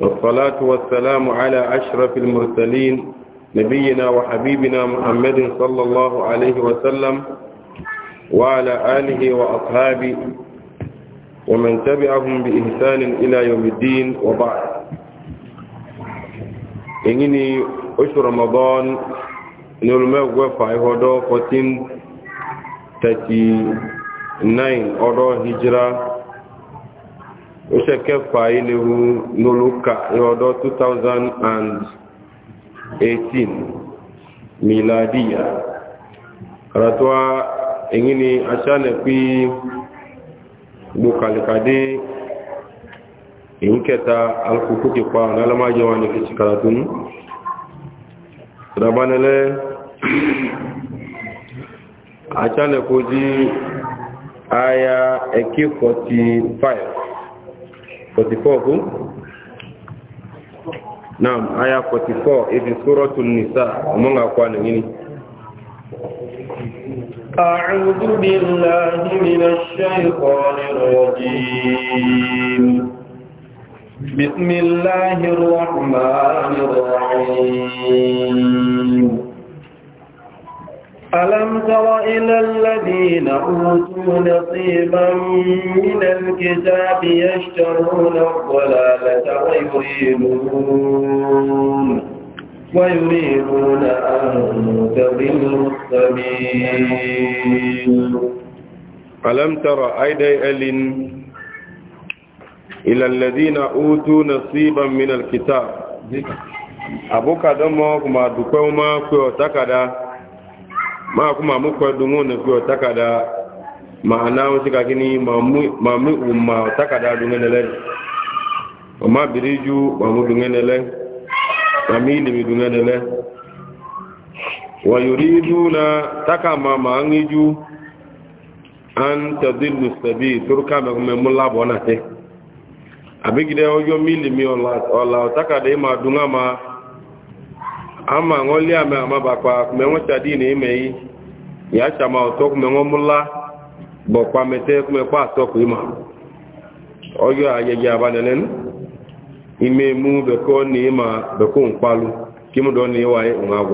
والصلاة والسلام على أشرف المرسلين نبينا وحبيبنا محمد صلى الله عليه وسلم وعلى آله وأصحابه ومن تبعهم بإحسان إلى يوم الدين وبعد إنني أشهر رمضان نلما وفا هدو 14 39 أدو هجرة ó ṣe kẹfà iléwu lólúkà ní ọdọ́ 2018 miladiya ratuwa èyí ni aṣálẹ̀ pí gbókàlìkàdé èyí kẹta alkùkù kìpa ọ̀nà alámájẹwà ní fi ṣìkàrà tó ní ìdàbánilẹ́ jí aya ẹ̀kẹ́kọ̀ọ́ ti 5 44 kú naam aya 44 ibi suratu nisa mun ga kwanu yini أعوذ بالله من الشيطان الرجيم بسم الله الرحمن الرحيم ألم تر إلى الذين أوتوا نصيبا من الكتاب يشترون الضلالة ويريدون ويريدون أن تضلوا السبيل ألم تر أيدي ألين إلى الذين أوتوا نصيبا من الكتاب أبوك دمك ما دكوما كيوتكدا ma kuma mu kwa dungo na kwa takada ma'ana wasu ka kini ma mu umma takada dungo na lai ma ma biriju ma mu dungo na lai ma mi ilimi dungo na lai wa yuridu na taka ma ma an iju an tadillu sabi turka ma kuma mun labo te abigide ojo mi ilimi ola takada ma dunga ma ama ma ama amabakpa kume ŋɔ tsa di ne eme yi yatsa ma me kume ŋɔ mla kwa kpame tɛ kume kɔ atɔ aba nɛ ime mu bɛkɔ ne ma bɛkɔ nkpalu kimu dɔ wa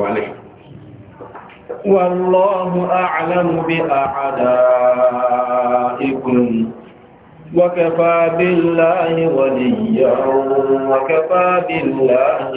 wa وكفى بالله وليا وكفى بالله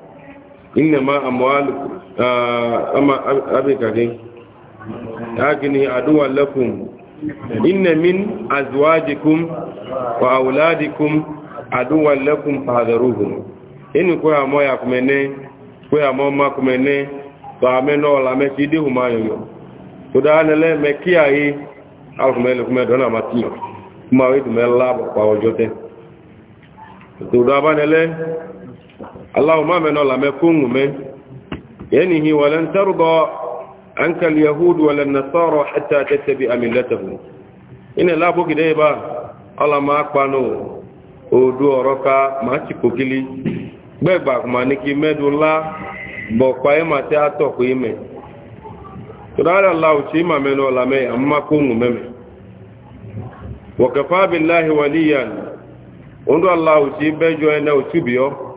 Ịne ma amụ alụmụ ah, a ma abịa ịga gị. N'agịnye adịwa lefum. Ịne min azụ adị kum, ọ awụla dị kum, adịwa lefum ya kumene, nkwa ya ma kumene, tụgha menọọ la, meti ịdị hụ ma ayọyọ. Ụdọala na ịle mekia ya ị alụma alụma ịdọna ama ti nwụọ. Ị ma ị dụ mee laa bụkwa ọ jotee. Ụdọala na ịle. اللهم امن الله ما يكون من ينهي ولن ترضى عنك اليهود ولا النصارى حتى تتبع ملتهم إن لا بك ديبا الله ما أقبانو odu oroka ma ti kokili gbegba ma ni ki medu la bo pa e ma te ato ko ime to da ti ma me la me amma ko ngu wa kafa billahi waliyan ondo allah o ti bejo ene o tubio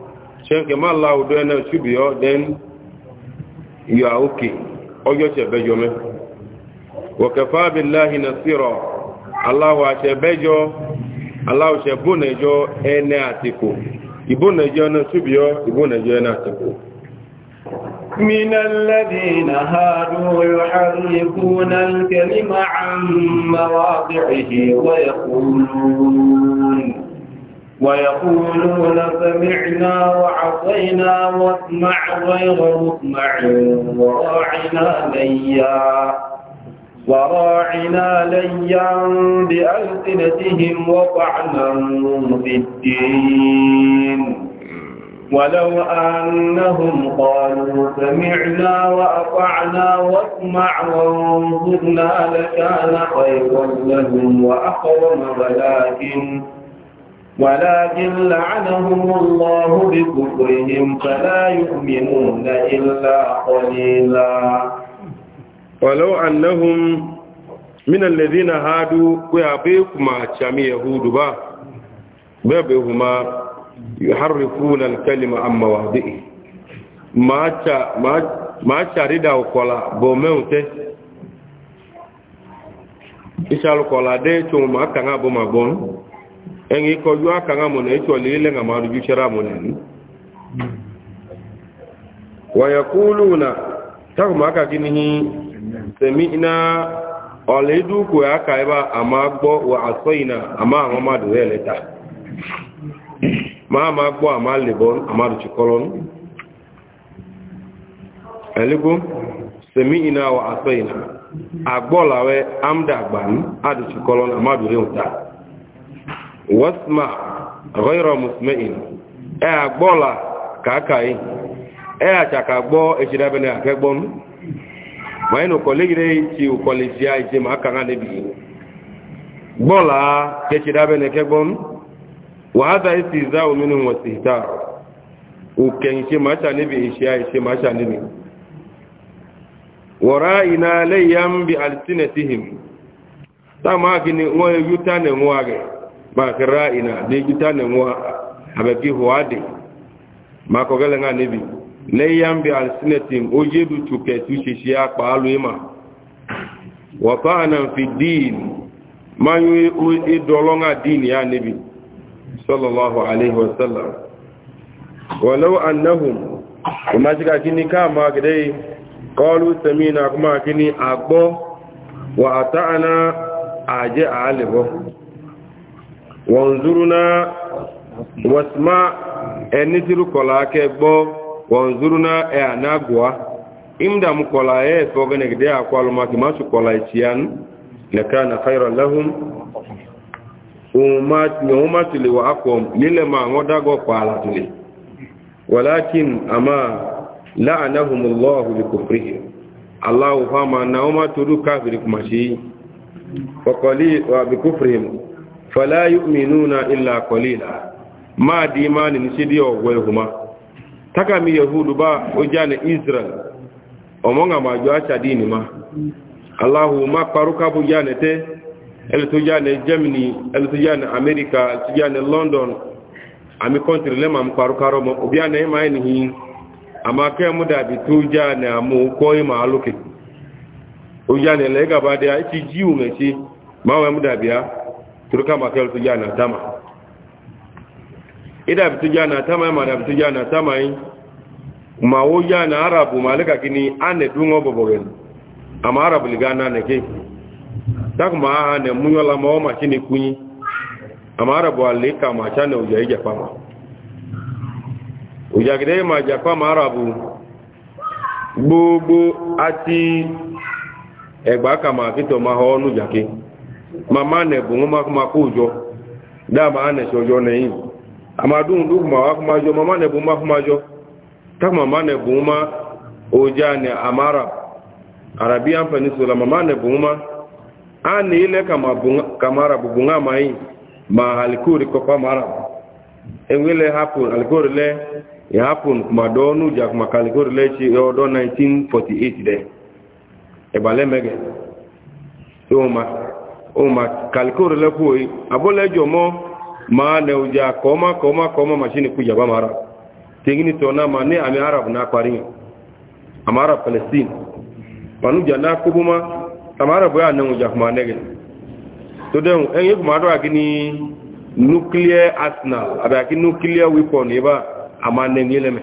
ṣẹ́nkẹ̀ máa la ọdọ́ ẹ̀nà ṣùgbìyọ́ then you are okay ọjọ́ ṣẹ̀bẹ́jọ mẹ́ wọ̀kẹ̀fà abiláhi na sírọ̀ aláwọ̀ àṣẹ̀bẹ́jọ aláwọ̀ ṣẹ̀bọ́nẹjọ ẹ̀nà àtìkò ìbọ́nẹjọ ẹ̀nà ṣùgbìyọ́ ìbọ́nẹjọ ẹ̀nà àtìkò من الذين هادوا يحرفون الكلم عن مواضعه ويقولون ويقولون سمعنا وعصينا واسمع غير مسمع وراعنا ليا وراعنا ليا بألسنتهم وطعنا في الدين ولو أنهم قالوا سمعنا وأطعنا واسمع وانظرنا لكان خيرا لهم وأقوم ولكن ولكن لعنهم الله بكفرهم فلا يؤمنون إلا قليلا ولو أنهم من الذين هادوا ويعبيكما شامي يهود با بابهما يحرفون الكلمة عن مواضعه ما شاردا وقلا بوموته إشال قلا دي توما كان أبو مبون ẹ̀yìn ikọ̀ yóò àkàrà mọ̀nà ìtọ̀lẹ̀ ilẹ̀ àmàrùjú ṣẹ́ra mọ̀nà ní wàyàkúlù na takùnmáka kí ní sẹ̀mí iná ọ̀lẹ̀ ìdúkù àkà ẹbá àmà gbọ́ wà àṣọ ìnà àmà àwọn mádù rẹ̀ lẹ́ta máa máa gbọ́ àmà lèbọ́ àmàrùjú kọlọ́n ẹ̀lẹ́gbó sẹ̀mí iná wà àṣọ ìnà wasma ghayra musma'in e agbola e achaka gbo ti ije ma aka ngane bi gbola kechirabene kegbon wa hadha istihza'u minhum wa istihtar uken ise ma cha nebi ma cha bi alsinatihim gini yuta ne age maka ra'ina da gita ne mu abaki huwade mako gele nga nebi le yambi al sinatin oje du tuke tu shishi apa aluima wa fa'ana fi din ma yu idolonga din ya nebi sallallahu alaihi wasallam walau annahum kuma shiga kini kama gidai qalu samina kuma kini agbo wa ata'ana aje alibo wanzuruna wasma ẹni tí ló kọ̀lá kẹ gbọ́ wanzuruna ẹ ànágùá imdam kọ̀lá ẹ fọ́gẹ́nẹ̀gẹ́dẹ́ àkọlùmọ́kì máa ṣùkọ̀lá ìtìyàn lẹ́ka na kaira lẹ́hùn ohun má tilẹ̀ wà ápọ̀m nílẹ̀ ma wọ́n dágọ́ pààlà tilẹ̀ wàlákin a máa láàánáhùnmùlọ́ọ̀hù na wọ́n má torú káfìrí kùmà sí ọkọ̀lẹ́ wà bí kò frí fala yu'minuna illa qalila ma di imani ni sidi ogwe huma taka mi yahudu ba ojane israel omonga ma jo acha dini ma allahu ma paruka bu jane te el to jane germany el to jane america el to jane london ami country le ma mu paruka ro mo obiane ma ni hi ama ke mu da bi to jane amu ko ma aluke ojane le ga ba de a ti jiu ngechi ma wa mu da bia turka makar tuja na tama ida bi tuja na tama ma da bi tuja na tama yi ma wo ya na arabu malika kini ane dungo bobogen ama arabu ligana ne ke tak ma ne munyola ma o ma chini kunyi ama arabu alika ma chane uja ija pama uja gide ma ja pama arabu gbogbo ati ẹgbàá kàmà kìtọ̀ máa ọ ọ́nù jàkí mama ne bungu ma kuma ko jo da ma ne so jo ne yin ama dun du ma wa kuma jo mama ne bungu ma kuma jo ta mama ne bungu ma oja ne amara arabian peninsula mama ne bungu ma an ile kama bunga kamara bunga ma yin ma alikuri ko pamara enwele happen alikuri le ya happen kuma do nu ja kuma kalikuri le chi yo do 1948 de ebale mege so ma o ma kalikoro lɛ ko ye a bɔ lɛ jɔ mɔ maa nɛ machine ku jaba mara tegini tɔ n'a ma ne ami arab n'a pari ama arab palestine panu ja n'a koboma ama arab y'a nɛ o ja kuma nɛgɛ to dɛn ɛn ye kuma dɔ kini nuclear arsenal a bɛ kini nuclear weapon ye ba a ma nɛŋe lɛ mɛ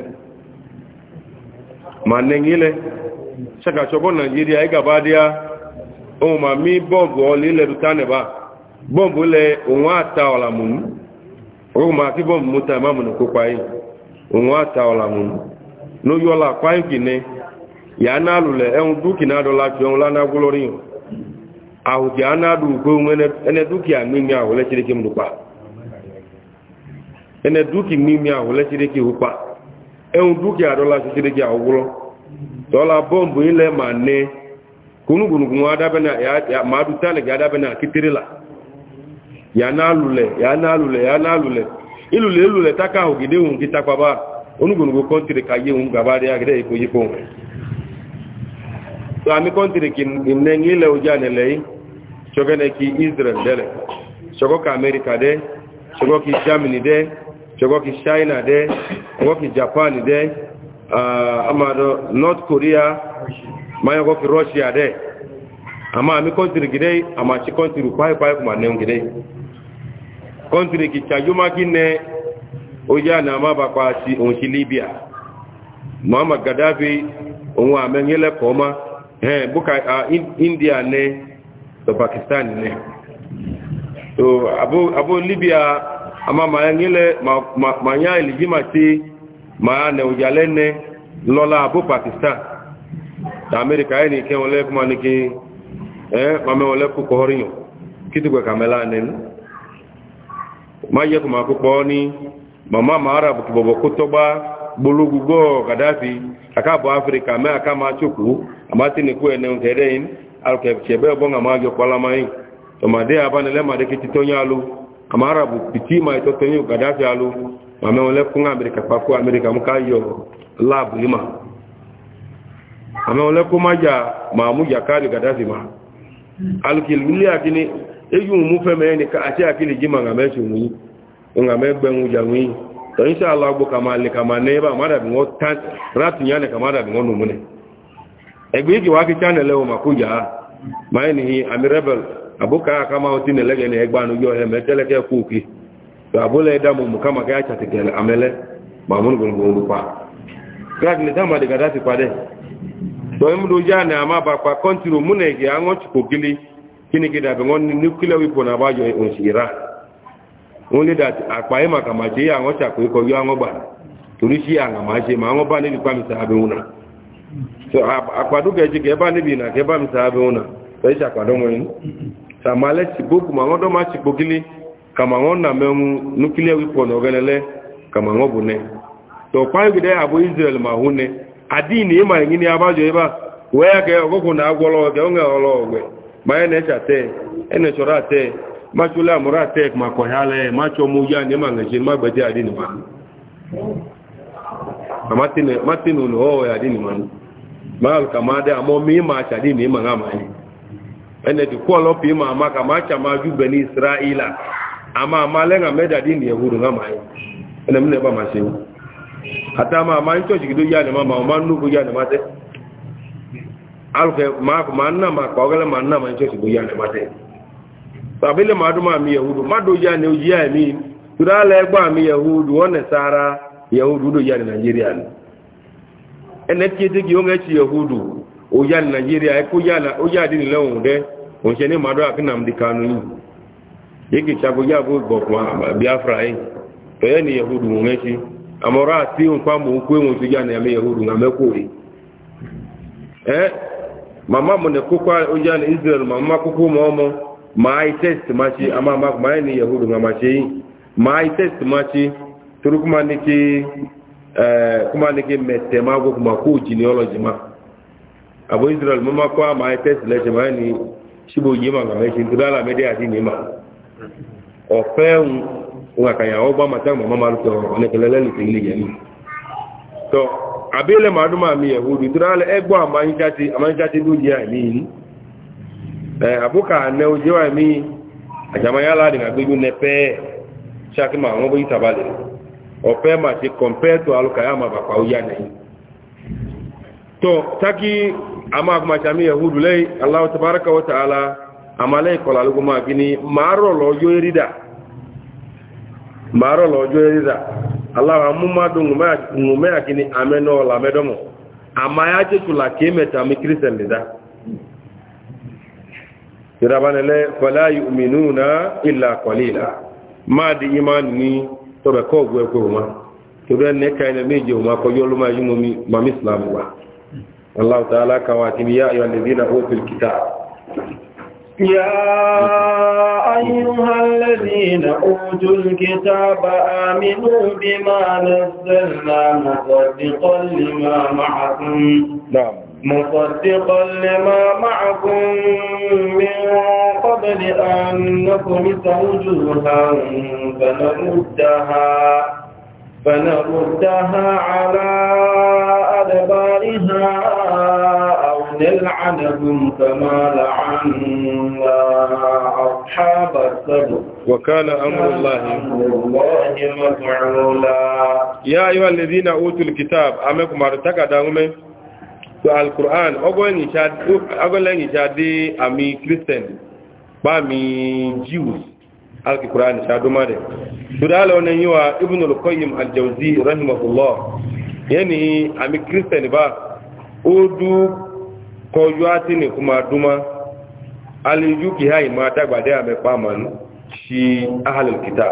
ma nɛŋe lɛ sɛ ka sɔ ya. ohun ma mi bọ́ọ̀bù ọlẹ́ ilẹ̀ tó tánẹ̀bá bọ́ọ̀bù lẹ òun àta ọ̀làmùnú ohun ma kí bọ́ọ̀bù múta ìmáàmùnú kópa yìí òun àta ọ̀làmùnú ló yọ la kwá ìkìnnẹ yàá náà lulẹ̀ ẹ̀hún dúkìá dọ́là fi ọ̀hún lánàá gbólórí yìí àwùjọ anáàdù gbóhùn ẹnẹ dúkìá mímí ẹnẹ mímí ẹ̀hún dúkìá bọ́ọ̀bù màá kunu gunugun wa da bana ya ma du tale ga da bana kitirila ya nalule ya nalule ya nalule ilule ilule taka ho gide un kita kwa ba onu gunugu kontri ka ye un gaba de agre iko yiko so ami kontri kin nne ngile o jane le chogene ki israel dele chogo ka america de chogo ki germany de chogo ki china de chogo ki japan de uh, ah, amado north korea maya ko fi russia de ama mi country gide ama chi country pai pai kuma ne gide country ki cha yuma kine oya na ma ba kwa si on si libya muhammad gaddafi onwa amenyele koma eh buka uh, india ne pakistan ne to abu libya ama ma ngile ma ma, ma nya ilijima ti ma ne pakistan da amerika ayi ni ke wole kuma ni ki eh mame wole ku ko horinyo kitu kwa kamela nen maye kuma ku poni mama mara bu bobo kutoba bulugu go kadafi akabo afrika me akama chuku amati ni ku ene ngerein alke chebe bonga magyo kwala mai to made abane le made piti tonyalu kamara bu pitima ito tonyu kadafi alu mame wole ku amerika pa ku amerika mukayo lab lima àmọ́ wọn lẹ́kọ́ máa jà máa mú yàkáàlì gàdáàsì máa alùkìlì ilé àkíní èyí òun mú fẹ́ mẹ́rin ní àti àkílì jí màá mẹ́sì òun yìí òun mẹ́gbẹ̀rún jà wọ́n yìí tọ́yìn sí alágbó kàmá lè kàmá ní ẹbà má dàbí wọ́n tán ráàtì yánẹ̀ kàmá dàbí wọ́n nù múnẹ̀ ẹgbẹ́ ìgbìwá kí chánẹ̀ lẹ́wọ̀ mà kíláàkì lè dáàmà dìgàdá ti padẹ́ tọ́ ìmúdó já ní àmà bàpà kọ́ntìrò múnà ìgè àwọn tìkò gílé kí ni gíga àbẹ̀wọ́n ní nuclear weapon àbájọ òǹsì ìrà wọ́n lé dàtí àpá ìmà kàmàṣe àwọn ṣàkó ikọ̀ yọ àwọn gbà torí So àmàṣe mà àwọn bá níbi pàmìsà àbẹ̀wọ́n náà àpàdókẹ́jì kẹ́ bá níbi ìnà kẹ́ pàmìsà àbẹ̀wọ́n náà tọ́ ìṣàpàdọ́mọ́ yìí sàmàlẹ́ tìgbókù mà àwọn dọ́mà tìgbókílé kàmà wọn nà mẹ́mu nuclear weapon ọ̀gẹ́lẹ́lẹ́ kàmà wọn tọkwaegide abụ israel ma hụ ne adin ịma gị na abajọ ebe a wee ka ọgụgụ na agwọrọ oge onwe ọlọ ogbe ma ya na-echa te enechọrọ ate machụla amụrụ ate ma kọhala ya ma chọọ m ya na ịma ngeji ma gbeji adin ma matin unu ọ ya adin ma ma alụ ka ma dị amọ ma ịma acha adin ịma ha ma ya enedi kwọlọpụ ịma ama ka ma acha ma jube n'israila ama ama lenga meda adin ya huru ha ma ya ene m na-eba masịnwu hata ma ma ncho jigido ya ne mama ma nugo ya ne mate alke ma ma na ma ko gele ma na ma ncho jigido ya ne mate sabile ma duma mi yahudu ma do ya ne o ya mi tura le gba mi yahudu one sara yahudu do ya ne nigeria ne ene ti te gi o nge ti yahudu o ya ne nigeria e ko ya na o ya di ni lehun de o se ni ma do akina mdi kanu ni yeke chago ya go gbo kwa biafra e to ye ni amọ̀rọ̀ àti nǹkan mò ń kó èwọ̀n tó yà ní ẹ̀mí ẹ̀hóró ní amẹ́kò rí ẹ́ màmá mọ̀ ní kókó ó ní israel màmá kókó mọ́ ọmọ máa yí test máa ṣe àmà máa ní ẹ̀hóró ní àmàṣe yìí máa yí test máa ṣe torí kó máa ní kí kó máa ní kí mẹ̀tẹ̀ máa gbọ́ kó máa kó genealogy máa àbọ̀ israel mọ́ máa kọ́ àmà yí test lẹ́sẹ̀ máa ní ṣíbò yìí màmá mẹ́ṣin torí àlàmẹ́dẹ́ àti ní nga ka yawo ba mata mama maru to ne kelele ni tingi gani to abele maduma mi yahudi dral egbo amanyi jati amanyi jati duji ami ni eh abuka ne oje wa mi ajama yala ni agbeju ne pe shaki ma won bo itabale ope ma ti compare to aluka ya ma ba pa oya ne to taki ama kuma chami yahudu lei allah tabaaraka wa ta'ala amale kolaluguma gini maro lo yo irida maro lojo eriza allah amuma dungu ma ngume akini ameno la medomo amaya je kula kemeta mi christian lida irabane le fala yu'minuna illa qalila ma di iman ni to be ko gwe ko ma to be ne kai ne meje ma ko yolu ma yumo mi ma islam wa allah ta'ala kawatib ya ayyuhalladhina utul kitab يا أيها الذين أوتوا الكتاب آمنوا بما نزلنا مصدقا لما معكم نعم مصدقا لما معكم من قبل أن نطمس وجوها فنردها فنردها على أدبارها نلعنهم كما لعنا أصحاب السبت وكان أمر الله مفعولا يا أيها الذين أوتوا الكتاب أمكم أرتكى دعومي so alquran ọgọ́lẹ́yìn ìṣàdé àmì christian bá mi jews alquran ìṣàdọ́mà rẹ̀ tó dáàlọ́ ní yíwa ibn al-qayyim al-jawzi rahimahullah yẹni àmì christian bá ó dúk kọjú àti nìkú máa dúnmá alìjú kì háì máa dágbàdé àmẹ́pá ma ń ṣe ahàlùkítà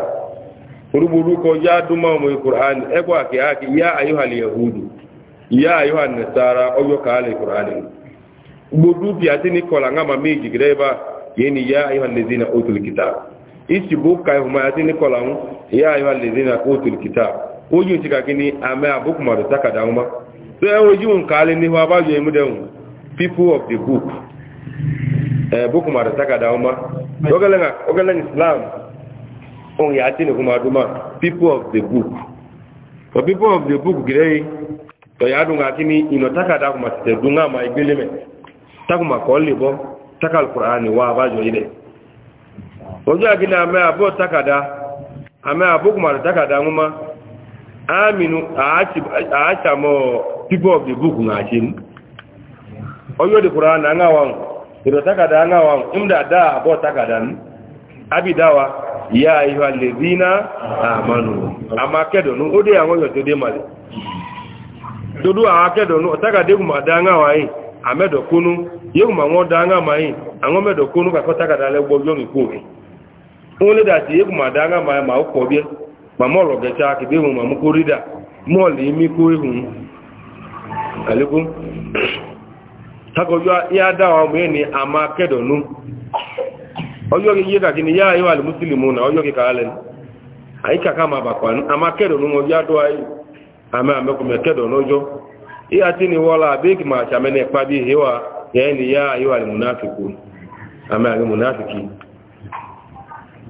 orúgbòrú kọjá dúnmá ọmọ ìkùránì ẹgbọ́ àkíyàkí yá àyíhàlì yahudu yá àyíhàlì nasara ọjọ́ kààlì ìkùránì gbogbo bí àti ní kọlà ńgàmà méjì gẹ́gẹ́ yẹn ni yá àyíhàlì otu òtùlùkítà ìsì bó ka ìhùmá àti ní kọlà ń yá àyíhàlì lèzina òtùlùkítà ó yóò ti kàkí àmẹ́ àbúkùmọ̀dù tákàdá wọn tó ẹ people of the book eh book ma da takada uma ogalan ogalan islam on ya tin kuma duma people of the book for people of the book grey to ya dunga kini ino takada kuma te dunga ma igele me takuma ko libo takal qur'ani wa ba jo ile ojo agina me abo takada ame abo kuma da takada uma aminu a a chamo people of the book na chimu oyo di qur'an anga wan ido takada anga wan imda da abo takadan abi dawa ya ayyuhal ladina amanu amakedo nu ode awon yo to de male dodu akedo nu takade kuma da anga wan amedo kunu yeguma won mai awon medo kunu ka ko takada le gbogbo mi ku mi won le da ti mai ma o ko bi mama ọ̀rọ̀ gẹ̀ẹ́sá kìbí ìhùn mọ̀mú kó rídà mọ́ọ̀lì mí kó ìhùn àlékún takoywa ya dawa mweni ama kedo nu oyo ki yeka kini ya ayo al muslimuna oyo ki kalen aika kama bakwan ama kedo nu oyo do ai ama ame kuma kedo nojo iya tini wala big ma chamene pabi hewa yani ya ayo al munafiqun ama al munafiki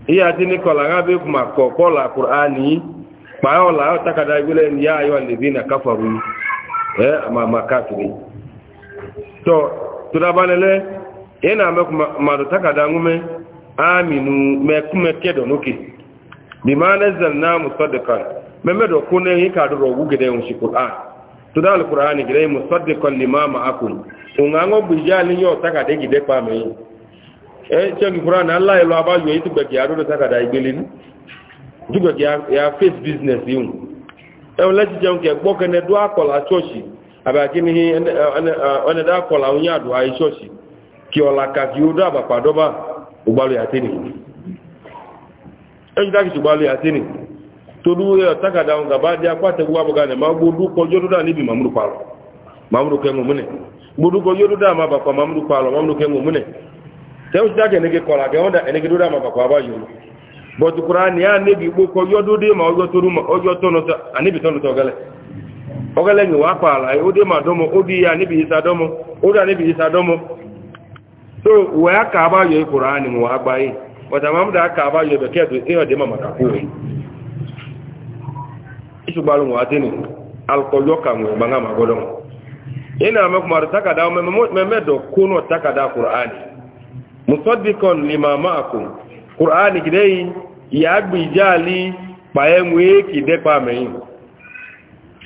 iya tini kola ngabe kuma ko kola qur'ani pa ola takada gule ya ayo al ladina kafaru eh ama makafiri to tudabanele na me madu takada ngume aminu me kuma kedo nuke bima nazzalna musaddiqan me medo na yi ka nwụchi duro a un shi qur'an tuda alquran gire musaddiqan lima ma'akum ungango bijali yo takade gide pa me e che mi qur'an allah ilo aba yo itu gbege aro takada igbele ni dugbege ya face business yun e won lati je un ke gbokene du akola church abakini hi ɔne da kɔla wo nyɛ adoa yi sɔsi ki ɔla ka ki wo do abakpa dɔba ogbalo yate ni ɛnyi ta kisi ogbalo yate ni todu yɛ takada ŋu gaba di akpa tɛ wuwa boga ne ma gbodu kɔjɔ do da nibi mamudu kpalɔ mamudu kɛ ŋu munɛ gbodu ma bakpa mamudu ni a nebi gbɔ kɔjɔ do de ma ɔjɔ tɔnu ma ɔjɔ tɔnu ọgẹ́lẹ́gbẹ̀ wà pààlà ó dé màdọ́mọ́ ó dí ya níbi ìsadọ́mọ́ ó dá níbi ìsadọ́mọ́ so ìwẹ̀ akàbá yọ ìkòrò á ní wọ́n agbá yìí wọ́n tàbí àmúdá akàbá yọ ìbẹ̀kẹ́ ẹ̀dùn ní ọ̀dẹ́ màmà kàkó rẹ̀ ìṣùgbàlù wọ́n adé nì alkọjọ́ kàwọn ìgbà náà màgọ́dọ̀ yìí náà mẹ́kùnmá rẹ̀ takàdá mẹ́mẹ́dọ̀ kónà takàdá kùránì mùsọ́dìkan lè máa máa kù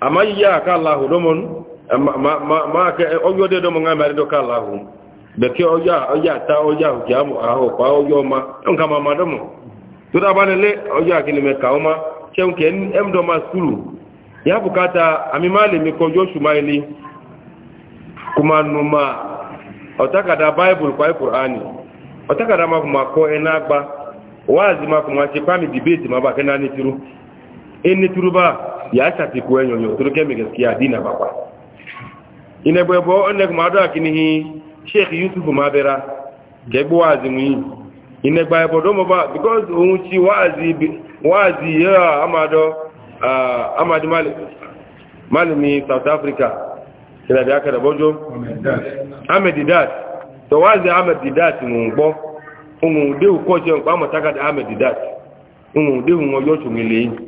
ama yi ya ka allahu domon ma ma ma ke eh, oyo de domon ngam ari do ka allahu be ke oya oya ta oya ki amu aho pa oyo ma on ka ma ma domo to da bale le oya ki ni me ka o ma che un ke em do ma skulu ya bukata ami male mi ko joshu maili kuma numa otaka da bible kwa qur'ani otaka da ma kuma ko enagba wazi ma kuma che pami debate ma ba kenani tiru eni tiru ba ya shafi kuwa nyonyo turuke kemi gaskiya dina bakwa ina gbebo onne kuma do akinihi sheikh yusuf mabera gebo azimi ina gba ebo do mo ba because ohun ti wazi wazi ya amado uh, amadi mali mali malimi south africa kila bi aka da bojo ahmed didat to wazi ahmed didat mu gbo ohun de ko je npa mo takada ahmed didat ohun de ohun ojo chumi leyin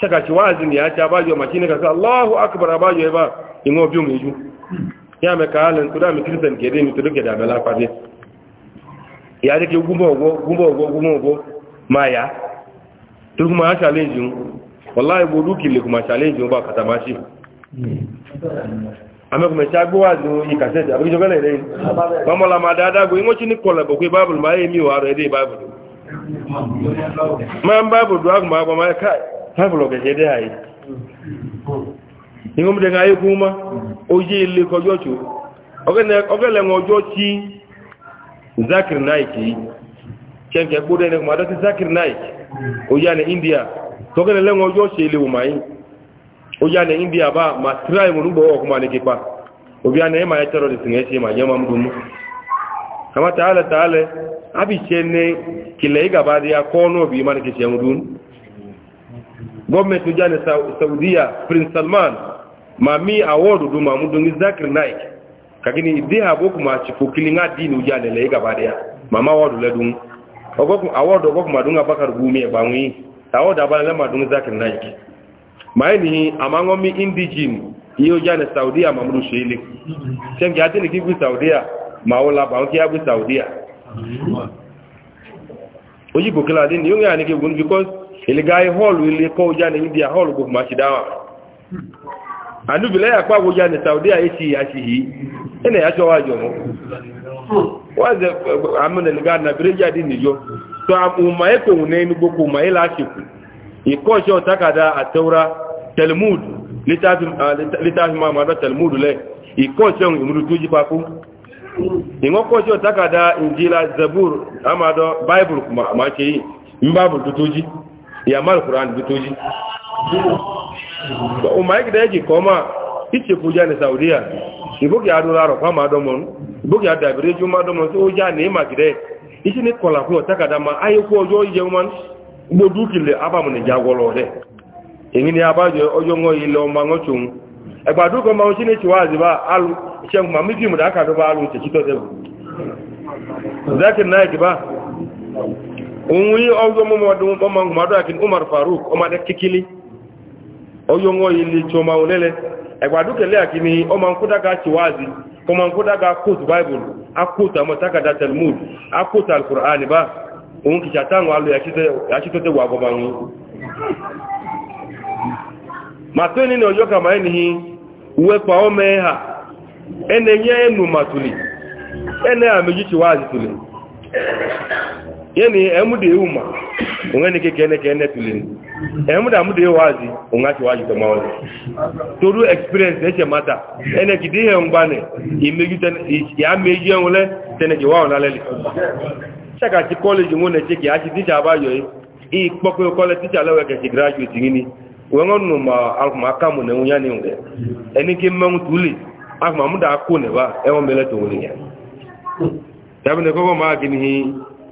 saka ci ni ya ta bajo maci ne kasa Allahu akbar bajo ya ba in obi mu ju ya me ka halan kuda mi kirsan ke dai mi tudu ke da bala fa ya dake gumbo go gumbo go gumbo ma ya wallahi bo duki le kuma ba kata mashi ame kuma cha go wa'azin yi kasete abi jo gele dai ba mo la ma tábìlọ̀ kẹ̀kẹ́ dẹ́ àyè ìwọ́n mú dẹ̀ka ayékú má ó yé ilé kọjọ́ tó ọgẹ́lẹ̀wọ̀n ọjọ́ tí zakir naik yìí kẹ́kẹ́ gbódé ẹni kọmọdé tí zakir naik ó yá india tọ́gẹ́lẹ̀wọ̀n ọjọ́ ṣe ilé wò máyí india bá ma tíra ìmọ̀lú gbọ́ ọkùnmọ̀ ní kípa òbí àná ẹ̀mà ẹ̀tẹ́rọ lè sìn ẹ̀ṣẹ̀ mà jẹ́ máa ń dùnmú àmọ́ tààlẹ̀ tààlẹ̀ ábìṣẹ́ gọọmenti ojá ní saudiya prince salman ma mi awọ́dù do mahmudu ní zakir naik kàkíní ìdí àbókù ma ti fòkìlì ńlá dín ojá nílẹ̀ yìí gàbá dẹ́yà màmá awọ́dù lẹ́dùn awọ́dù ọgọ́kù ma dùn abakar gumi ẹ̀gbà wọn awọ́dù abalẹ̀ lẹ́mà dùn zakir naik ma yìí ni àmàngọ́mí indigene iye ojá ní saudiya mahmudu ṣeélé ṣẹ́ńkì àti ní kíkú saudiya ma wọ́n labà wọn kí á saudiya ojú kila dín ni yóò ń yà ní because iligai hall ile ko jani india hall go ma shidawa anu bile ya kwa go jani saudi aishi ashihi ene ya chowa jomo waze amene liga na bireja dini jo to umma yako uneni boku umma ila shiku iko sho takada ataura talmud litafi ah, litafi ma ma talmud le iko sho imrutuji papu ingoko sho takada injila zabur amado bible ma ma cheyi mbabu tutuji ya mara ƙuran bitoji ba umar gida yake koma ice fuja na saudiya ibuki ya rọ̀ fáwọn adọ́mọ̀nù ibuki adàbírí ya dabere tó já ní ìmà gidẹ́ iṣẹ́ ní kọlà fún ọ̀tákàdámà ayékú ọjọ́ ìjẹun ma gbódú kìlẹ̀ abàmù nìjà wọlọ̀ rẹ̀ èyí ni abájọ ọjọ́ wọn ilẹ̀ ọmọ wọn tún ẹgbàdúkọ ma ṣí ní tiwáàzì bá alù ṣẹun màmí fíìmù dákàdọ́ bá alù tẹ̀sítọ́ onwe ọzọ mmadụ akin umar faruk ọmọdé kíkílí ọyọ wọn ilé chọma olele ẹgbàdú kẹlẹ́ àkíní ọmọ nkúdága chiwazi ọmọ nkúdága kóòtù bible akóòtù amọ̀tákàdá talmud akóòtù alkùránì bá òun kìí sàtàwọn alò yàṣítọ́tẹ̀ wà gọba wọn màtó ní ọjọ́ kàmá ẹnìyí uwẹ́pà ọmọ ẹ̀hà ẹnẹ̀yẹ ẹnu màtùlì ẹnẹ̀ àmì yani emu da yiwu ma unga ne keke ne ke ne tulin emu da mu da yiwu azi unga ki waji tama wani toru experience ne ce mata ene ki dihe ngba ne imeji ten ya meji en wole tene ki wawo nalele saka ti college ngo ne cheki aji teacher ba yo e. i popo college teacher lewe ke ti graduate ngini wengo nu ma akuma kamu ne unya ni unge ene ki mengu tuli akuma mu da ko ne ba ewo mele to woni ya tabi ne ko ma kini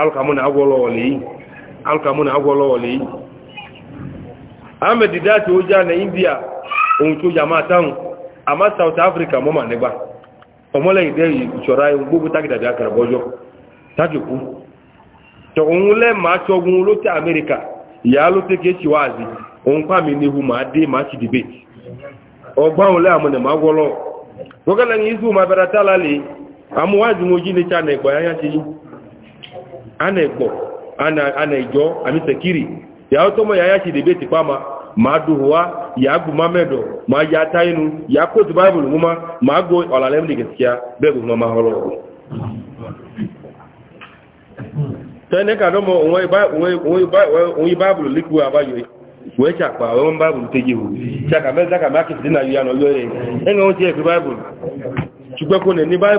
alụkamụ na agwọlọ ọlị alụkamụ na agwọlọ ọlị ahmed dati na india ohun tó yà máa a ma south africa mọ́ ma nígbà ọmọlẹ́yìn dẹ́ ìṣọ́ra ohun gbogbo tágìdàbí akẹrẹ̀bọ́jọ́ tájòkú tọ ohun lẹ́màá ma ló tẹ́ america ìyá ló tẹ́ kéé ṣíwáàzí ohun pàmì ní ihu izu ana ekpo ana ejo ami sekiri ya otomo ya ya chidebe tikpama ma duhuwa ya ma medo ma ya ta inu ya kotu baibulu mu ma go olalem ni gaskiya be go ma holo tene ka do mo onwe ba onwe onwe liku abayo we cha pa we bible teji hu cha ka meza o ti e bible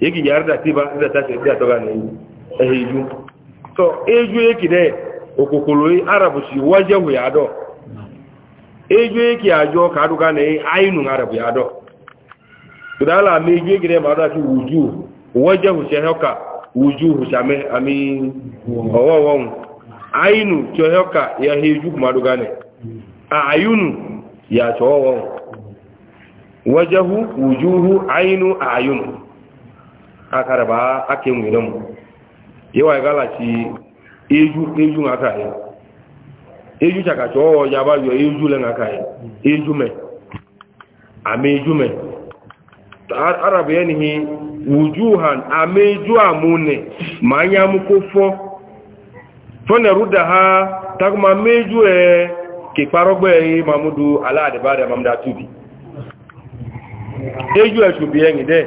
yake gyara da ti ba da ta ce da toga ne a heju to eju yake da okokolo arabu shi waje hu ya do eju yake ajo ka duka ne ainun arabu ya do kudala me eju yake da ma da ti wuju waje hu shehoka wuju hu shame ami owo won ainu shehoka ya heju kuma duka ne a ayunu ya chowo wajahu wujuhu ainu ayunu akaraba ake nwere mu yawa galachi eju eju ngaka ya eju chaka cho ya ba yo eju le ngaka ya eju me ame eju me arab yani hi wujuhan ame eju amune manya mukofo fone ruda ha takuma meju e ke parogbe mamudu ala adibare mamda tubi eju e tubi yin de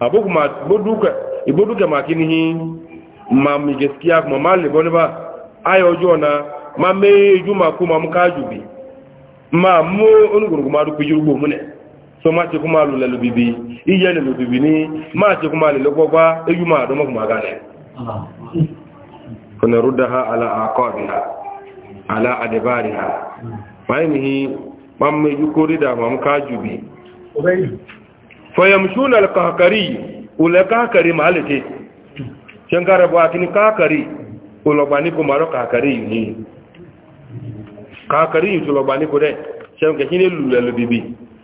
aboko ma boduka iboduka makini ma mi gaskiya kuma ma le bonba ayo jona ma me juma kuma mu kajubi ma mu onuguru kuma du kujurbo mune so ma ti kuma lu lalu bibi iye le bibi ni ma ti kuma le logogba ejuma do mo kuma ga ne kana ruddaha ala aqabiha ala adbariha fa inhi mam me yukuri da mam kajubi fayamshuna alqahqari ule qahqari malike chengara bwa qahqari ulobani ko maro qahqari ni qahqari ulobani ko de chenge kini lule lobibi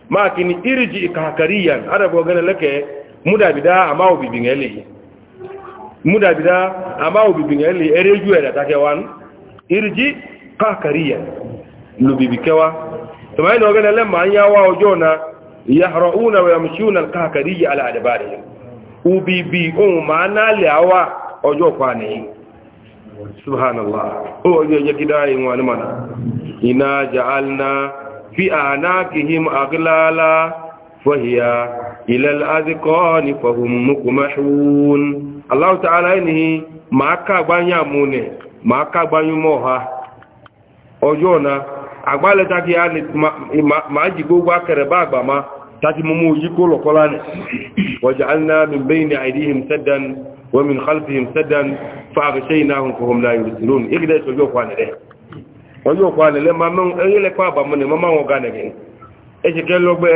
ma kini irji qahqariyan arabo gane lake muda bida ama obibi ngeli muda bida ama obibi ngeli ereju era take wan irji qahqariyan lobibi kewa to mai no gane le ma يهرؤون ويمشون القهكري على أدبارهم وبيبيئون معنا لعوى أجوفانه سبحان الله هو يجدائي وانمنا إنا جعلنا في أعناقهم أغلالا فهي إلى الأذقان فهم مكمحون الله تعالى إنه ما كبان يامونه ما كبان يموها أجونا agbale taki ya ni ma ji gbogbo akẹrẹ bá àgbà ma taki mú yí kó lọ́kọ́lá ní wàjá alná min bẹ́yìn ní àìdíhìm sẹ́dán wọ́n min khalfihim sẹ́dán fàáfẹ́ṣẹ́ iná hùn fòhùn láyé rìsìlónì ìgbìdẹ̀ ìṣọ́ yóò kwà nílẹ̀ wọ́n yóò kwà nílẹ̀ ma mẹ́rin ẹ̀yẹ́lẹ̀ e kọ́ àbámu ni mọ́mọ́ wọn gánà gẹ̀ẹ́ ẹ̀ṣẹ̀ kẹ́ lọ́gbẹ́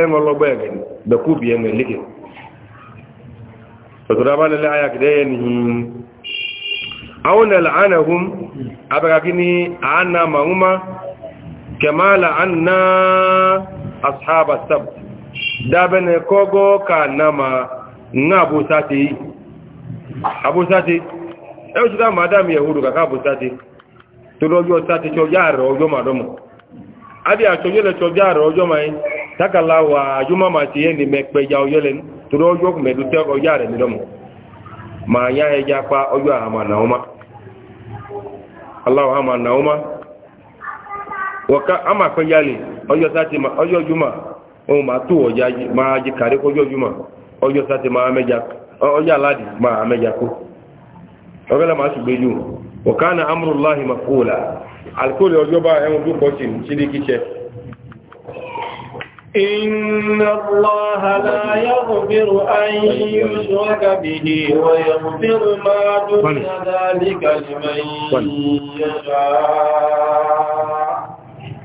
àwọn ẹ̀lẹ́ àánà hùn abẹ́kàkí ni àánà e e màhúnmá kama la'anna ashaba sabt dabene kogo kanama ngabu sati abu sati e su da madam yahudu ka abu sati to lojo sati cho yaro ojo madomo abi a cho yele cho yaro ojo mai takala wa juma ma ti endi mepe ja ojo ya e ja pa ojo ama nauma allah ama nauma woke a máa kọ́ yálè ọjọ́ sáti ma ọjọ́ jùmọ̀ ohun ma tó máa jí jùmọ̀ ọjọ́ ma mẹ́jà ọjọ́ aládì ma mẹ́jà kó ma ṣùgbé jù wọ́ká na e, ma kóòlà alkóòlì ọjọ́ bá ẹ̀wọ̀n tó pọ̀ sí ṣídíkíṣẹ́ إن الله لا يغفر أن يشرك به ويغفر ما دون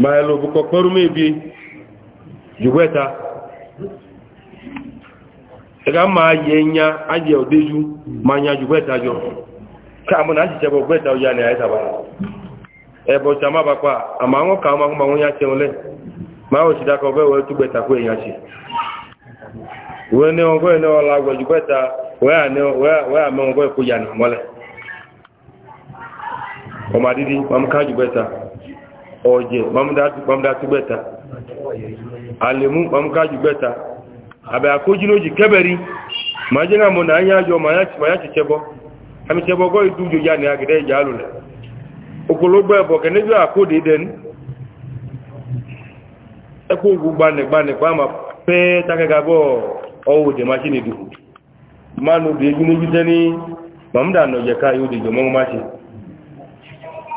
ma elu kpọrọ m ebi jigweta ga ma ye nya aje odeju ma nya jigweta jọ ka mụ na ajicha bụ gweta ụja na ya tabara ebe ọcha ma bakwa ama anwụ ka ma ma nwonya che ole ma o chida ka obe wee tugbeta kwa ya chi wee ne ogwe ne ola agwa jigweta wee ane wee ame ogwe kwụ ya na mole ọmadidi ma m ka jigweta ọjẹ pamdatu gbẹta alemu pamkaju gbẹta abẹ akójínójì kẹbẹrí ma jẹ́ náà mọ̀ náà yá jọ ma yá ti tẹ́bọ́ àmì tẹ́bọ́ gọ́ ìdújò yá ní agẹ̀dẹ́ ìjà lulẹ̀ okòlógbò ẹ̀bọ̀ kẹ́nẹ́jọ́ àkóde dẹni ẹkù gbanigbanipa ma pẹ́ takẹ́gàbọ̀ ọwọ́dẹ̀ máṣínì dùn mánu dẹ̀ yúnú yúdẹ́ni mamdà nọ̀jẹ̀ká yóò dẹ̀ jọ mọ́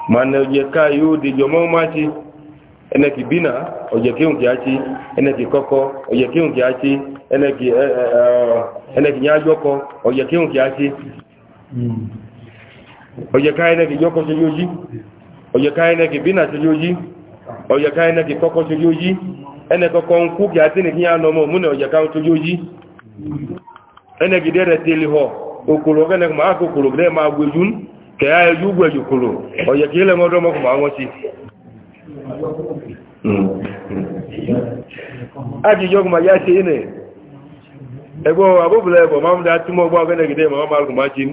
mana oje yudi yóò machi jọmọ máa ti ẹnẹkì ene ọjẹ kíhùn kí á ti ẹnẹkì kọkọ ọjẹ kíhùn kí á ti ẹnẹkì yájọkọ ọjẹ kíhùn kí á ti ọjẹ ká ẹnẹkì yọkọ ṣe yóò yí ọjẹ ká ẹnẹkì bínà ṣe yóò yí ọjẹ ká ẹnẹkì kọkọ ṣe yóò yí ẹnẹkọkọ kẹ̀yà ẹjú gbẹ̀jù kòrò ọ̀yẹ̀ kí lẹ́mọ́ ọdọ́ mọ́kùnmọ́ àwọn sí ájíjọ́gbùmá yá ṣe inẹ̀ ẹgbọ́ àbúbùlẹ̀ ẹ̀bọ̀ máa ń dá túnmọ́ gbọ́ ọgẹ́nẹ̀gẹ́dẹ́ ma máa rùn máa jí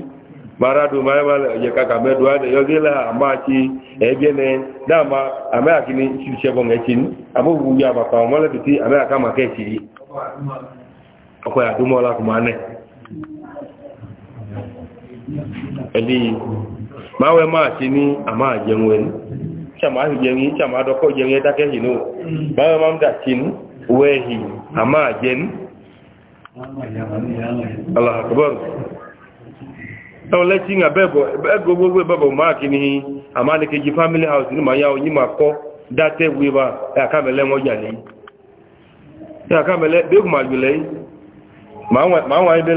maradu maẹ́bàlẹ̀ kàkà mẹ́dù yọgílá àmáàkí máa wẹ máa ti ní àmà àjẹun ẹni ṣàmà àjẹun yìí ṣàmà àdọ́kọ́ jẹun yẹn dákẹ́ yìí náà máa wẹ máa ń dà ti ní wẹ́ ẹ̀hì àmà àjẹun. alahakabaru táwọn lẹ́tí ń abẹ́bọ̀ gbogbo ẹbẹ́bọ̀ máa kí ní kejì family house ní màá yá oyin máa kọ́ dátẹ́ wíwá ẹ̀ àkàmẹ́lẹ́ wọn jà lẹ́yìn ẹ̀ àkàmẹ́lẹ́ bí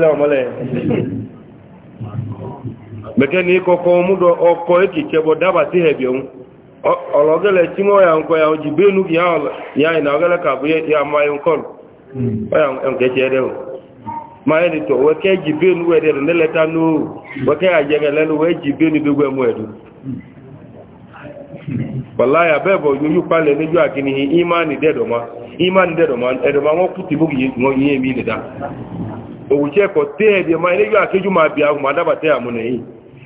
ó meke na ịkọkọ mụdọ ọkọ ekiche bụ dabata ihebienwu ọlọgele tinwe ya nkọ ya ji be enu gị ya anyị na ogele ka bụ ya amaghị nkọlụ ọya hmm. nke chere ma ya dịtọ weke ji benu enu wedere na-eleta n'ohu weke ya jere lelu wee ji benu enu dogwe mụ wala ya bee bụ onyoyu kpale n'eju akị n'ihe imani dedoma imani dedoma edoma nwa kwutibu gị ihe emi nida owuche kọ tee bie ma n'eju akị ju ma bịa ahụ ma dabata ya mụ na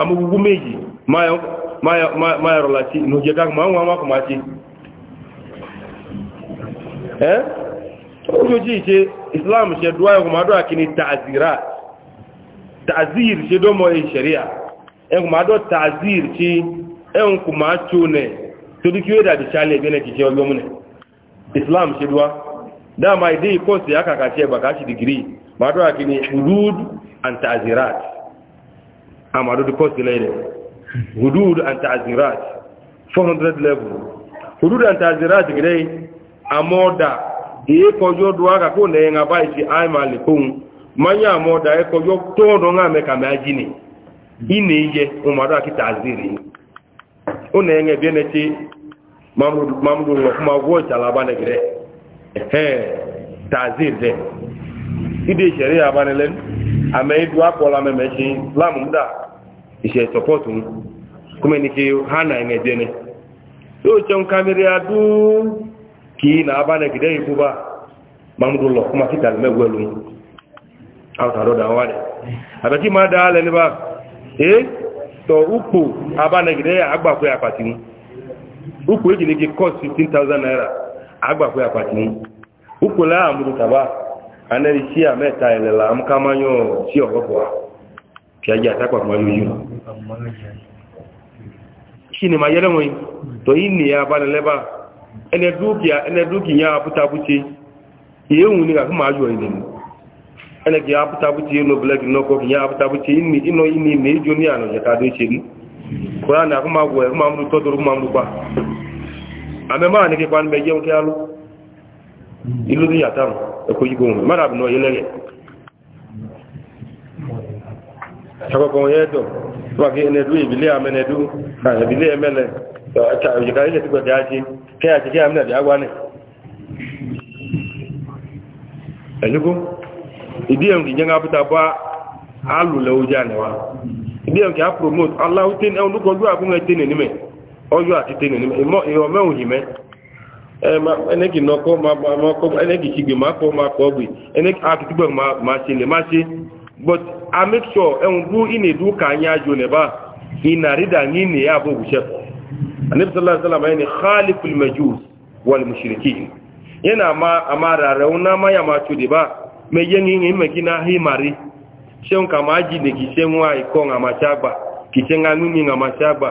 amugugu meji mayọrọ lati n'oje ka ma nwa nwa kọmachi eh ojoji ise islam ṣe duwa ẹgbùmọ́dọ́ àkíní tààzìrà tààzìr ṣe dọ́mọ ìṣẹ̀ríà ẹgbùmọ́dọ́ tààzìr ṣe ẹ̀hùn kùmà tó nẹ̀ torí kí ó dàbí ṣálẹ̀ ẹgbẹ́ nẹ̀ kìí ṣe ọgbọ́mù nẹ̀ islam ṣe duwa dama idai course ya kakace ba kashi degree ma do akini hudud and ta'zirat amma do course lele hudud and ta'zirat 400 level hudud and ta'zirat gire, amoda e kojo do aka ko ne nga bai si ai malikun manya amoda e kojo to do nga me kama ajini ine ije umado akita aziri o ne nge bi ne ti mamdu mamdu lo kuma wo chala ba ne gidai tazir dɛ ide sari yaba ni lɛ ame idu akpɔla mɛ mɛ tsi lamu da ìṣe sɔpɔtu kɔmi ni ke hana ɛŋɛ dɛnɛ kamiri kii na aba ne kidɛ yi kuba mamudu lɔ kuma kita ee e, fifteen naira. agbàpẹ́ àpàtì ní ukùnlẹ̀ àmúrù tàbá anẹ́rí a na ìlẹ̀lá mú ká máa yàn sí ọ̀pọ̀pọ̀ kí a jẹ́ àtàkpà máa yóò yìí kí ni ma yẹ́lẹ̀ wọ́n yìí tó yìí ní abalẹ̀lẹ́bà ẹnẹ dúkìá apútapútí ìyẹ́hùn ní kàkú máa yọ ìdè ẹnẹ kìí apútapútí inú bẹ̀lẹ́kì inú ìjọ ní amẹ́mọ́ àníkí pa níbẹ̀ jẹun kí á lọ ìlú ní yàtà ẹ̀kọ́ yìí gbóhùn mẹ́rà bùnú ọyẹ lẹ́rẹ̀ ṣàkọ́kọ́ wọn yẹ́ dọ̀ tó wà kí ẹnẹ́dú ìbílẹ̀ amẹ́nẹ́dú ìbílẹ̀ ẹmẹ́lẹ̀ òjìká ilẹ̀ tí gbọ̀dẹ̀ ajé kí àti kí amẹ́nẹ́dì agbá nì ẹ̀lúgbó ìdí ẹ̀rùn kìí a promote bá alùlẹ̀ ojú ànẹ́wà ìdí ẹ̀rùn kìí á promote aláwọ̀ ọyọ́ àti tẹ́nu ní ìwọ̀ mẹ́wùn yìí mẹ́ ẹnẹ́gì nọkọ́ ẹnẹ́gì ṣìgbè máa kọ́ máa kọ́ gbè ẹnẹ́gì àtútúgbẹ̀ máa ṣe lè máa ṣe but i make sure ẹ̀hùn bú ìnì ìdú kàányá jò nẹ̀bá ìnà rídà ní ìnì yà bó wùṣẹ́ anẹ́bísọ́lá ẹni khaliful majus wal mushrikin yana ma rarẹ̀ ọ̀nà máyà máa tó dìbà mẹ́yẹ́ ní ìmẹ̀gínà hímàrí ṣẹ́un kà máa jì nìkì ṣẹ́un àìkọ́ àmàṣàgbà kì ṣẹ́un anúmi àmàṣàgbà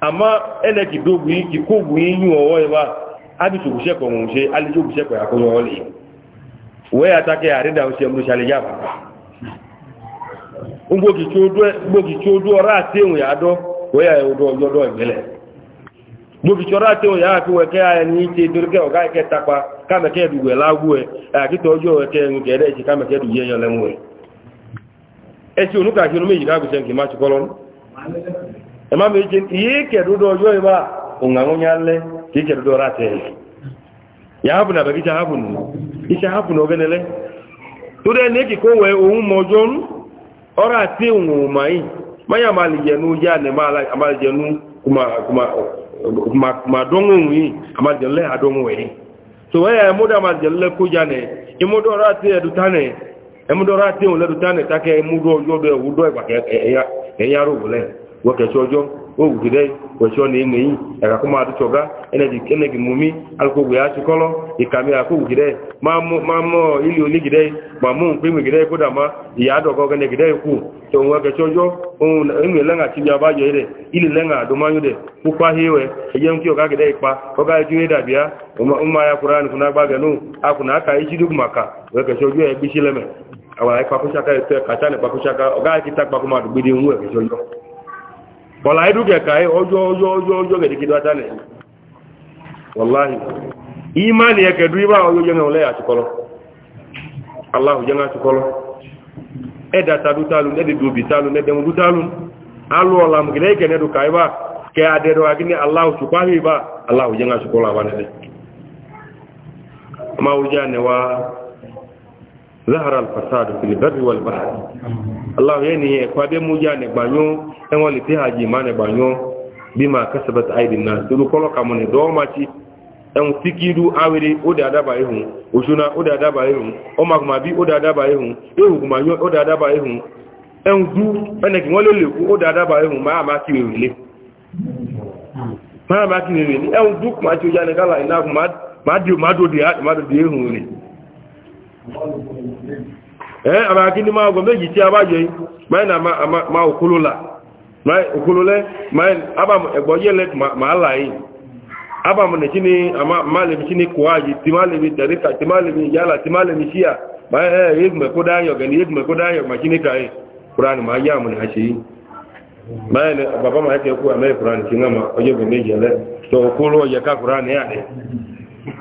ama ene dogu iki kugu inyu owo iwa abi tugushe ko munje ali tugushe ko we atake mu ungo ki ki ora ya do we ya odo ojo do ibele bo ki chora o ya ki we ke ya ni ti durke oga ke tapa kama ke dugu lagu e aki tojo we ke nge re ti kama ke dugu yeyo lemu e e ti onuka ki meji ka ẹ̀ma méje yìí kẹ̀dúdọ̀ ọjọ́ ìwà òǹgàwọ́nyálẹ́ kìí kẹ̀dúdọ̀ ọ̀rá tẹ̀ yàábùn àbẹ̀bí jàábùn iṣẹ́ àbùn ọ̀gẹ́nẹlẹ́ tó dẹ́ ní kíkó wẹ ohun mọ́jọ́ ń ọ̀rá tí òun òmà yìí máyà máa lè jẹnu yá ni máa lè jẹnu kùmàdọ́ngùn yìí máa jẹnu lẹ́ àdọ́ngùn ẹ̀ tó ẹ̀yà ẹ̀mọ́dọ̀ máa jẹnu lẹ́ kójá nẹ̀ ẹ̀mọ́dọ̀ ọ̀rá tí ẹ̀dù wọ́kẹ̀tí ọjọ́ òwùdídẹ́ wẹ̀tí ọ̀nà ìmẹ̀yìn ẹ̀kàkọ́ máa dútọ̀ gá ẹnẹ́gì mumi alùpùpù yà á ti kọ́lọ́ ìkàmì àkọ́wùdídẹ́ máa mọ́ ilé onígidẹ́ máa mú nǹkan ìmẹ̀gidẹ́ kódà má ìyá àdọ̀gọ́ ẹnẹ́gidẹ́ kù tòun wọ́kẹ̀tí ọjọ́ ohun ìmẹ̀ lẹ́ngà tí mi abájọ rẹ̀ ilé lẹ́ngà aka wọ̀lá ẹdúkẹ̀ káyẹ ọjọ́ ọjọ́ ọjọ́ ọjọ́ gẹ̀dẹ̀gẹ̀dẹ̀ àtàlẹ̀ wọ̀láhì ìmá ni ẹkẹ̀dú ibá ọjọ́ jẹ́ ọlẹ́ àtikọlọ aláhù jẹ́ àtikọlọ ẹ̀dà tàdú tálùn ẹ̀dẹ̀dùbì tálùn ẹ̀dẹ̀mùdú tálùn alú ọ̀là mùgẹ̀dẹ̀ ìkẹ̀nẹ̀dù káyẹ kẹ adẹ̀dọ̀ agínẹ́ aláhù ṣùpáhì ibá aláhù jẹ́ àtikọlọ àbánẹ́lẹ̀ ظهر الفساد في البر والبحر الله يعني قد موجا نبانيو ان ولي تي حاجي ما نبانيو بما كسبت ايدي الناس دو كلو كاموني دوماتي en fikiru awere o da adaba ihun osuna o da adaba ihun o ma kuma bi o da adaba ihun ewu kuma yo o da adaba ihun en du ene ki won le leku o da adaba ihun ma ma ki wele ee amaki ndị magọ meji ti abaje ma na ma okulula ma okulule ma aba m egbo yele ma alaghị aba m na chini ama malemi chini kuwaji ti malemi tarika ti malemi yala ti malemi shia ma ee egwu mekoda anyo gani egwu mekoda anyo ma chini ka ee kurani ma ya mu na ashe yi ma ma oje bu meji to okulu oje ka kurani ya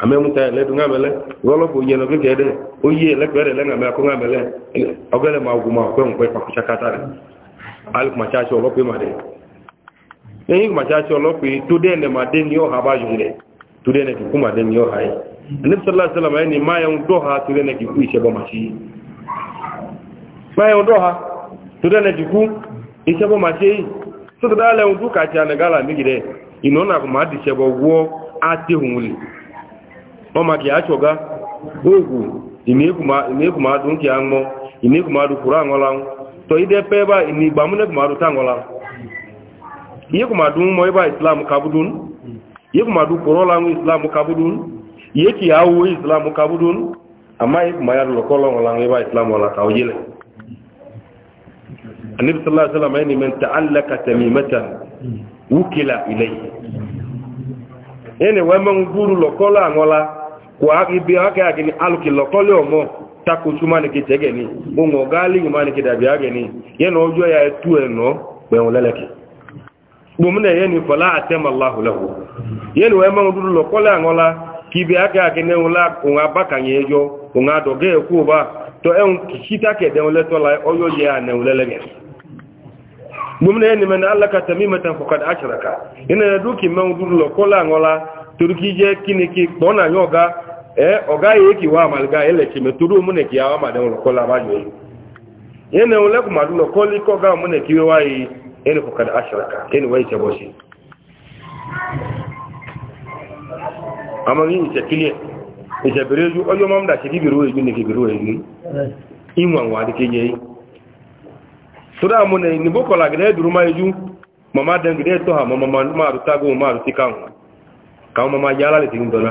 amemta ele du ngamele wolo bo yelo ke kede o ye le kwere le ngamele ko ngamele ogele ma oguma ko ngwe pa kucha katare al kuma cha cho lope e, ma de ne kuma cha cho to de ne ma de ni o to de ne de ni o sallallahu alaihi wasallam ni ma to de ne ki ku ise ma ma to de ne ki ku ise ma so da le un du ka cha ne gala mi gide inona kuma di se bo wo li ọmọ kì í àtsọ̀gá oògù ìmìkùmá dùn kì í àŋọ ìmìkùmá dùn kúrò àŋọ làwọn tọ́ ìdẹ mọ́ ibà ìsìlámù kabudun ìyẹ́kùmá dùn kúrò làwọn ìsìlámù kabudun ìyẹ́kì àwọ ìsìlámù kabudun àmá ìyẹ́kùmá yà lọ́kọ́ lọ́wọ́ làwọn ibà ìsìlámù ọ̀là kàwọ́ yẹlẹ̀ النبي صلى الله عليه وسلم يعني من تعلق تميمة kwa ibi aka yake ni alukilo omo takutu mani kitege ni mungo gali mani kidabi yake ni yeno ya etu eno gbeun leleke gbomune yeni fala atema allah lahu yeni we ma ndudu angola kibi aka yake ne ula unga baka unga doge to en kita ke de ole to oyo ye ane ulelege yeni ashraka angola ee eh, ọ gaghị ekewa amaliga elechi metụrụ mụneki ya ma dị ụlọkọla amajụ oyi ihe na ole kwụ madụ ụlọkọla ike ọga mụneki iwewa yi enufukada ashiraka enuwe ichebosi amaghị ichekilie ichebere eju onye ọma m dachi gị biri oyi na gibiri oyi inwa nwa adịka nye yi tụrụ amụ na kọla gị na-eduru ma eju mama dem gị na-eto ha ma mama ma arụtago ma arụtịka ka mama ya ala letiri ndọna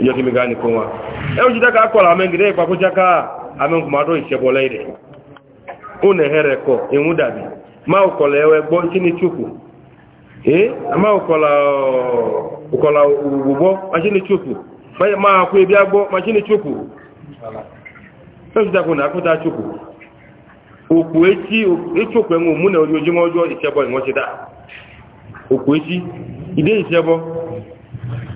nyo kimi gani kuma eu jita ka akola amengire kwa kuchaka amengu mado ichebole ile une here ko dabi ma ukolewe gbo chini chuku eh ama ukola ukola ububo machini chuku fa ma ku ebi agbo oku echi mu na echi ide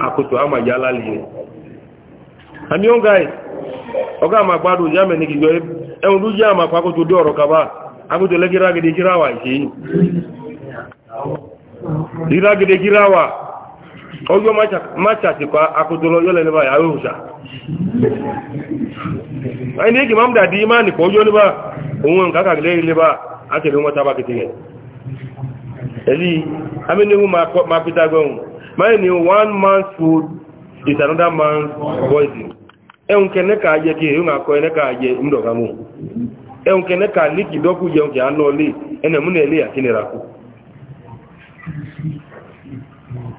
akoto ama yala liye ami on guys oga ma gbadu jame ni gijo e un du jama pa ko to de oro kaba akoto le gira gede jirawa ji gira gede jirawa ojo macha macha ti pa akoto lo yo le ni ba ya o sha ai ni ki mam da di imani ko yo ni ba ohun nǹkan kàkìlẹ̀ ilé bá àtẹ̀lẹ̀ wọn tàbá kìtì rẹ̀. èlì amínú ma pítà gbọ́n ni one man's food is another man's poison ẹun kẹne ka yẹ kí èyí akọ ẹne ka yẹ ndọ̀gá mú ẹun kẹne ka líkì dọ́kù yẹun kẹ anọ́ lè ẹnẹ mú lè àti nira kú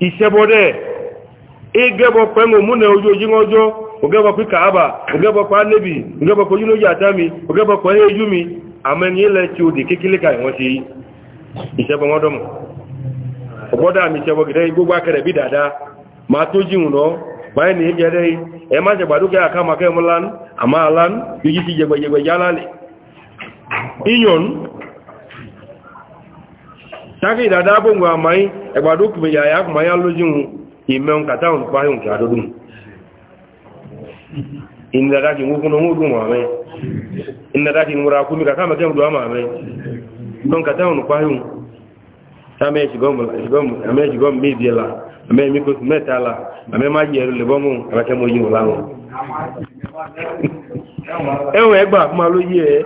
ìṣẹ́bọ́dẹ̀ ẹgẹ́bọ̀ pẹ́ngọ mú ojú ojú ọjọ́ pí kàábà ka ọgbọ́dá mi ṣe wọ́gidẹ́ gbogbo akẹrẹ bí dada ma tó jíun lọ báyìí ní jẹ́rẹ́ ẹ má jẹ gbàdókẹ́ àkàmàkẹ́ mọ́lán àmá alán yìí ti jẹgbẹ̀jẹgbẹ̀ yálálẹ̀ iyon tákì dada gbogbo àmáyí ẹgbàdókùnmẹ̀ yàyà kùmáyá lójíun ìmẹ́un kàtàùn páyùn kí adódún inadaki ngukuna mudu mwame inadaki ngurakumi kakama kemdu amame ame jigom mebi la ame mikos meta la ame ma jẹru le bọmu ame kẹ mo yi wòla wọn. ẹwọn ẹgbà kuma ló ye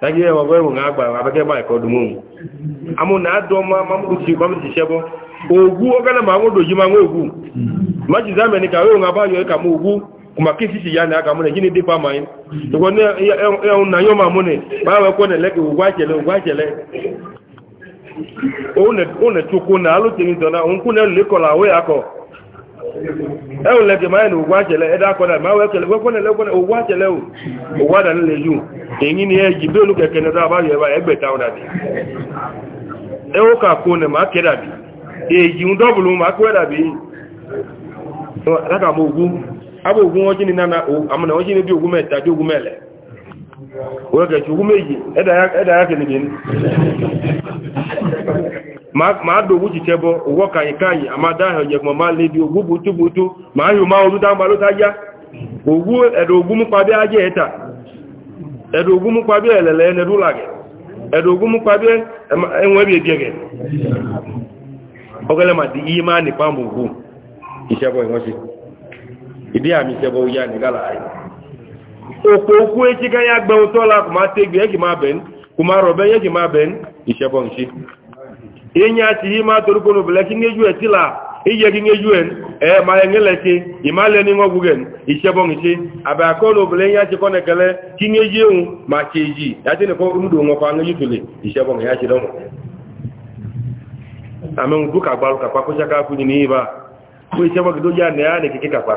tagi ẹ wọn bẹ wọn àgbà wọn abẹkẹ bá ẹkọ dùnmọ wọn. àmọ nà ma ma mo ti ma mo ti sẹ bọ ògú ọgá ma kuma si ya ne yíni dípa ma yín. ìwọ ma ne onechukwu na alụteghị na nkwụ na elekọla ahụ ya akọ ewele gị manya na ụgwọ achele ede akọ na ma wee kele gwekwe ele gwe ụgwọ achele ụgwọ ada nile ju e, e, ji be olu keke nede abaghị ebe a egbeta ụdadị ewu ka kwụ na ma akedabi eji ma ogwu abụ ogwu ọjị na amana ọjị na bi ogwu meta dị mele wọ́n kẹ̀ ṣùgbọ́n méjì ẹ̀dà yá kẹ́lẹ̀ nìyẹn ma dògún jìtẹ́ bọ́ owó a máa dáhẹ̀ ọ̀yẹ̀kùn máa lè bí ogún bútúbútú máa yóò máa olúdá ń balóta yá ogún ẹ̀dà mú pàbí ajé ẹ̀ta ẹ̀dà mú pàbí ẹ̀lẹ̀lẹ̀ ẹ̀nẹ̀dúlàgẹ̀ ìdí àmì ìṣẹ́bọ̀ okpo okwu echi ga ya gbanwe tola kuma tegbe yake ma ben kuma robe yake ma ben isebon shi inya ti yi ma toruko no bele ki ngeju etila ije ki ngeju en e ma ngele ti imale ni ngogu gen isebon shi aba ko no bele nya ti kone kele ki ngeju un ma cheji ya ti ne ko ndu ngo kwa ngeju tule isebon ya ti don amen duka gbaru ka kwa ko jaka ku ni ba ko isebon do ja ne ya ne ki ka kwa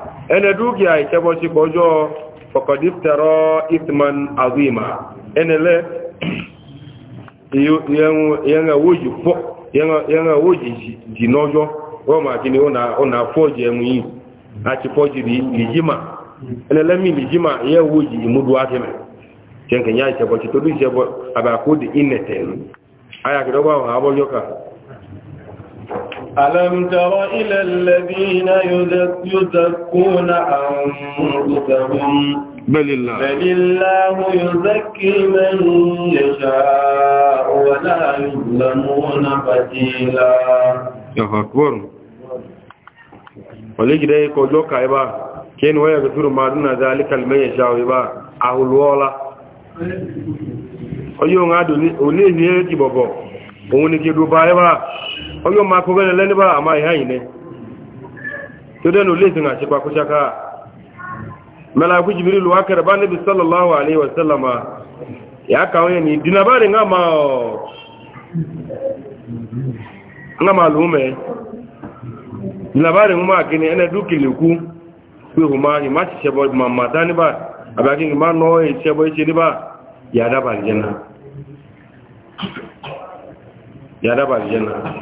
ene dukia ikebochi bojo faqad iftara ithman azima enele yanga woji fo yanga yanga woji dinojo roma kini ona ona foji emui ati foji ri lijima enele mi lijima ye woji imudu akeme kenke nya ikebochi to du ikebo abakudi ineten aya kidogo ألم تر إلى الذين يزكون أنفسهم بل الله, بل الله يزكي من يشاء ولا يظلمون فتيلا الله أكبر وليك ده كوجوكا إبا كين ويا بثور ما دون ذلك المن يشاء إبا أهل ولا أيون عدو ليه يجي بابا ونكي دبا إبا ọyọ́ máa kọ́ gẹ́lẹ́ lẹ́nibà àmà ìhá yìí nẹ́ tó dẹ́nu lè sin àṣepà kó jìbìrì lù wákẹ́rẹ̀ bá níbi sọ́lọ̀láwà alẹ́ ìwọ̀sẹ́lọ̀mà yà ni dìnàbárì ńgá máa ọ̀ ńgá máa lùú mẹ́ dìnàbárì ńgá máa kíni ẹnẹ́ dúkìlì kú pé hù máa yìí má ti ṣẹbọ màmá dáníbà àbákí ni má nọ́ ìṣẹbọ ìṣe níbà yà náà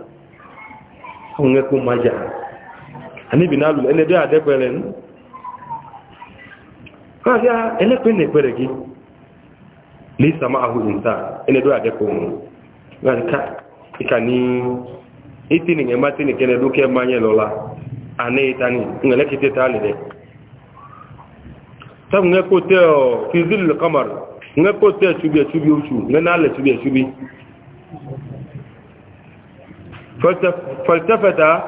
kun eko maja ani bi nalu ene de ade pere nu ka ya ene pe ne pere gi li sama ahu insa ene do ade ko mu ngan ka ikani itini kene du ke ane itani ngale kite tali de fizil qamar nge ko te uchu nge nale chubi falsafata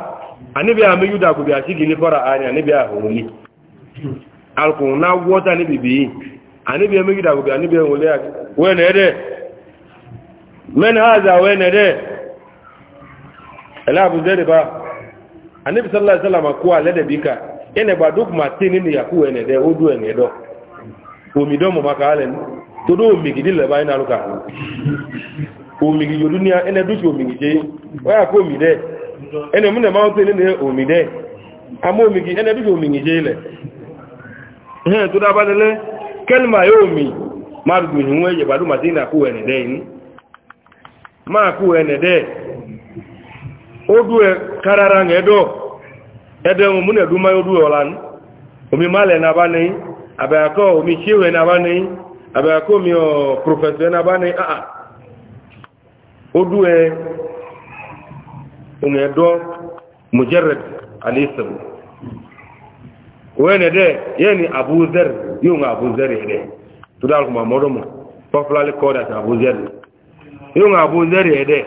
anibi ame yuda ko bi asigi ni fara ani anibi ahuni alko na wota ni bibi anibi ame yuda ko bi anibi ahuni wene de men haza wene de ela bu zede ba anibi sallallahu alaihi bika ene ba duk ni yaku wene de odu ene do omi do mo ina luka omigi yo dunia ene duki omigi je waya ko mi de ene mune ma otu ene omi de ama omigi ene duki omigi je le ihe to da badele kelma yo omi ma bi ni nwe je badu madina ku ene de ni ma ku ene de odu e karara ngedo ede mu mune du ma odu e olan omi male na ba ni abaya ko omi chiwe na ba ni abaya ko a odu ɛ ŋɛ dɔ mujarrad alisam wɛnɛ dɛ yɛni abu zɛr yóò ŋa abu zɛr yɛ dɛ tudal kuma mɔdɔ mu kɔfilali kɔɔda ti abu zɛr yóò ŋa abu zɛr yɛ dɛ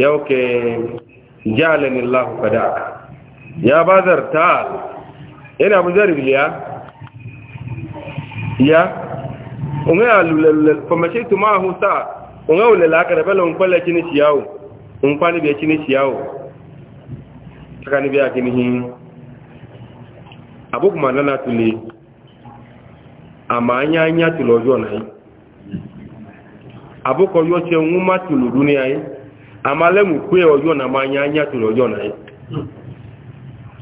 yɛw kɛ jaalani lahu kadaa ya ba zɛr taal yɛni abu zɛr biliya ya ŋa lulɛ lulɛ famashe tu saa onga ule la ka rebele unpale chini chiao unpani bia chini chiao takani bia kini hin abuku manana tuli amanya anya tulojo na yi abuko yo che unuma tulu dunia yi amale mu kwe ojo na manya anya tulojo na yi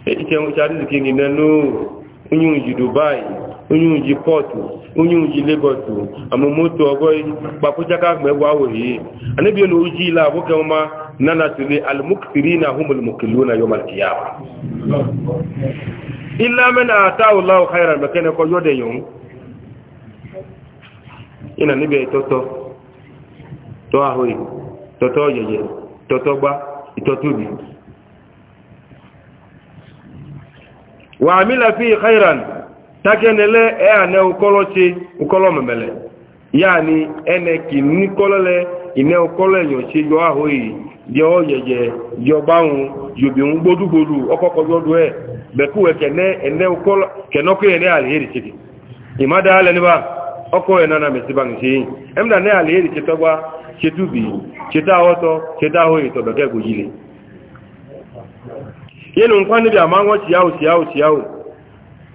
e che uncharizi kini nenu unyunji dubai onye uji pọtụ onye uji legọtụ amụmoto ọgọghị gbapụchaka mgbe awụghị anabi na oji ile abụke ọma na natụli almukiri na ahụmụlmụkilu na yomalkiya ilé amẹ́nà àtàwòlá ọ̀háìrà mẹ́kẹ́nẹ́kọ́ yọ́dẹ̀ yòó iná níbi ìtọ́tọ́ tọ́ àhóyè tọ́tọ́ yẹ̀yẹ̀ tọ́tọ́ gbá ìtọ́tòbí wà mílẹ̀ fi ìháìrà takenele eane ukolochi ukolo memele yani ene kini le ine ukolo eyochi yo ahoyi je oyeye yo baun yobi un gbodugbodu okoko yodu e beku kene ene ukolo kenoko ene alheri chiki imada ale ni ba oko ene na mesi bang si emda ne alheri chetogwa chetubi cheta oto cheta hoyi to beke gujile yenu nkwani bi amango chiao chiao chiao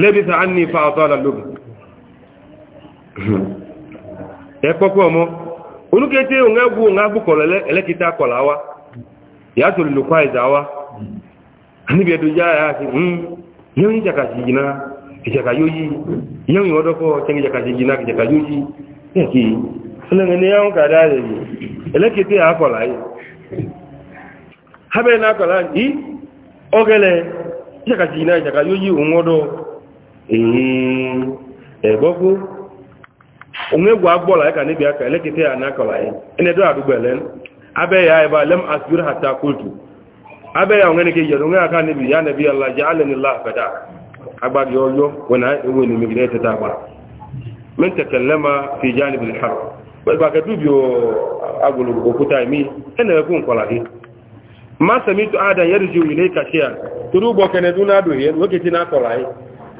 lẹ́bí sa á ní ipa ọ̀tọ́lá lóbi ẹ kọ́kọ́ ọmọ olúkété òun ẹgbù òun agbókọ̀lọ̀ ẹlẹ́kìtà kọ̀lá wa yàtò lùkọ́ àìsà wa níbi ẹ̀dọ̀ já ẹ̀ àti hmm, yẹ́n ń jàkàṣì jìnà ìjàkà yóò yí yẹ́n ìwọ́n dọ́kọ́ tẹ́ń jàkàṣì jìnà ìjàkà yóò yí ẹ̀kì ẹlẹ́ni ni ẹ̀hún kàdá rẹ̀ yìí ẹlẹ́kìtà àkọ̀lá yìí hábẹ́ náà kọ̀lá yìí ọ̀gẹ́lẹ̀ ìjàkàṣì jìnà ìjàkà yóò yí òun ọdọ́ ẹ̀gbọ́gbó omegwu agbọ́la ẹka níbi aka ya ànákọ̀lá yìí ẹni ẹ̀dọ́ àdúgbẹ̀ lẹ́nu abẹ́yà ẹ̀bá lẹ́m asúrù àti akóòtù abẹ́yà òun ẹnikẹ́ yẹ̀dùn ní aka níbi yá nẹ̀bí alájá alẹ́nilá àfẹ́dà agbábi ọyọ́ wọnà na ènìyàn ẹ̀tẹ́ta àgbà mẹ́ntẹ̀kẹ̀ lẹ́mà fi já níbi lẹ́hàrù pẹ̀lú akẹ́tùbí agolo òkúta ẹ̀mí e na nkọ̀lá yìí má sẹ̀mí tó ádà yẹ́rù ju ilé ya torí ó ya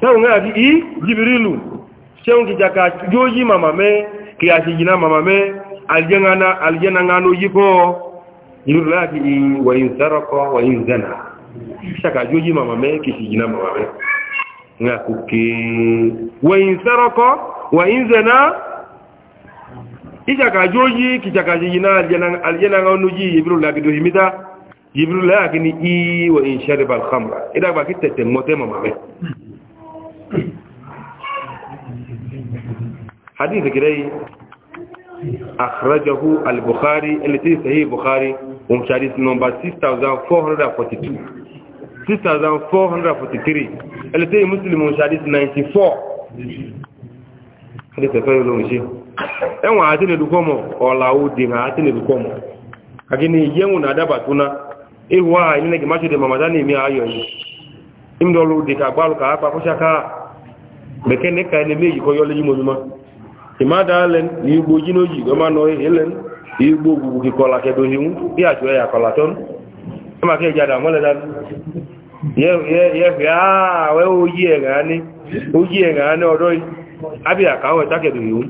ẹ̀hùn náà bí i jìbìrìlù ṣeun kì jaka yóò yí màmà mẹ́ kì a ṣe jìnà màmà mẹ́ aljẹ́nà ló yí kọ́ ìlúrù láti wọ̀yìn sẹ́rọ̀kọ́ wọ̀yìn zẹ́nà ṣaka yóò yí màmà mẹ́ kì í ṣe jìnà màmà mẹ́ ní àkókè wọ̀yìn sẹ́rọ̀kọ́ wọ̀yìn zẹ́nà ìṣaka yóò yí kì jaka ṣe jìnà حديث al أخرجه البخاري التي صحيح البخاري ومشاريس نمبر 6442 6443 التي مسلم ومشاريس 94 حديث فيه لهم شيء ẹwọn àti nìdúkọmọ ọ̀làwò beke ne ka ne meji ko yole yimo yuma ima dalen ni gbo jino ji o ma no helen ni gbo gugu ki kola ke do ya jo ya ton ma ke jada mo le dan ya we o yi e ga abi aka o e ta ke do himu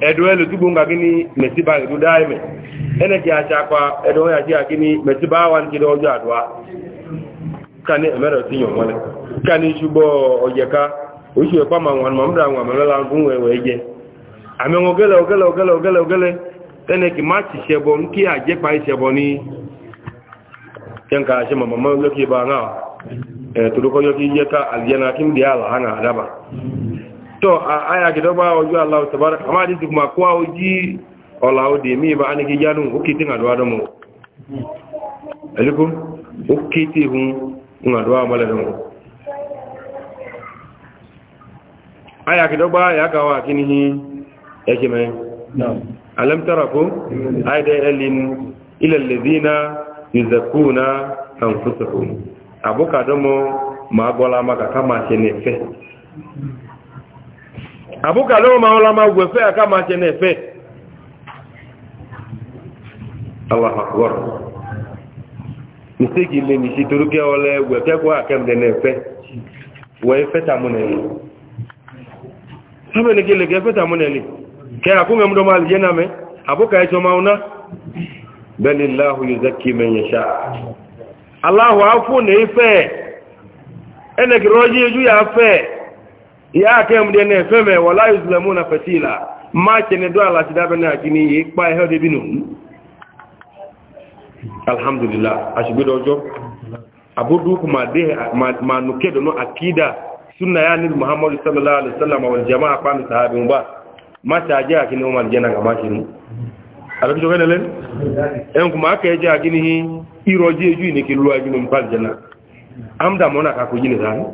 edo ele ene ki e e kwa edo ya ji akini mesiba wan adwa kani emero tinyo mo le kani shubo ojeka oṣù ẹ̀kọ́ ma wọn mọ̀mọ́dà àwọn àmọ́lọ́lá fún ẹ̀wẹ̀ jẹ àmì wọn gẹ́lẹ̀ ọgẹ́lẹ̀ ọgẹ́lẹ̀ ọgẹ́lẹ̀ ọgẹ́lẹ̀ tẹ́lẹ̀ kì má ti ṣẹbọ ní kí àjẹ́pa ìṣẹbọ ní kẹ́ǹkà ṣe mọ̀mọ́ lókè bá náà tòrókọ́jọ́ kí yẹ ká àlìyànà a ojí ọ̀là òdè mí bá ní kí yánú aya kidogba ya kawa kinihi yake mai alam tarafu aida elin ila alladhina na anfusahum abuka domo ma gola maka kama chene fe abuka lo ma ola ma gwefe kama chene fe Allah akbar mistake ile ni situruke ole gwefe kwa kemde ne fe wee fe tamune tube ne gele ke peta muneli ke akunga mdo mal jename abuka echo mauna balillahu yuzakki man yasha Allahu afu ne ife ene kiroji ju ya fe ya ke mde ne fe me wala yuzlamuna fatila ma ke ne do ala ti dabe na kini yi pa e hode binu alhamdulillah ashibido ojo sunna ya nabi muhammad sallallahu alaihi wasallam wal jamaa kwani sahabi ba mata aje akini o mal jena kama shinu alabi joge ne len en kuma ka aje akini hi iroji eju ni ki lu ajinu mpal jena amda mona ka ko jini zan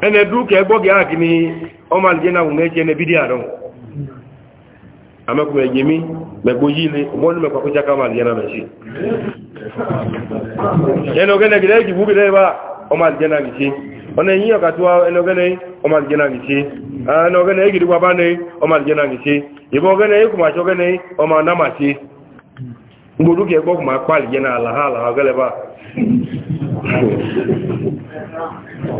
ene du ke gbo ge akini o mal jena un eje ne bidia ron amaku eje mi me gbo yi le mo ni me ko jaka mal jena me shi ene o gene ki bu gide ba o mal jena ki shi enyi na ọ̀nà ẹ̀yìn ọ̀kàtíwá ẹnọgẹ́nẹ́ na àdìjẹ́nà gìṣe ẹnọgẹ́nẹ́ ìgìdígbà bá ní ọmọ àdìjẹ́nà gìṣe ìbọn ọgẹ́nẹ́ ìkùnmàṣọ́gẹ́nẹ́ ọmọ anámàṣe gbòdúkẹ́ gbọ́kùnmà pàlìjẹ́nà àlàhàlà ọgẹ́lẹ́bà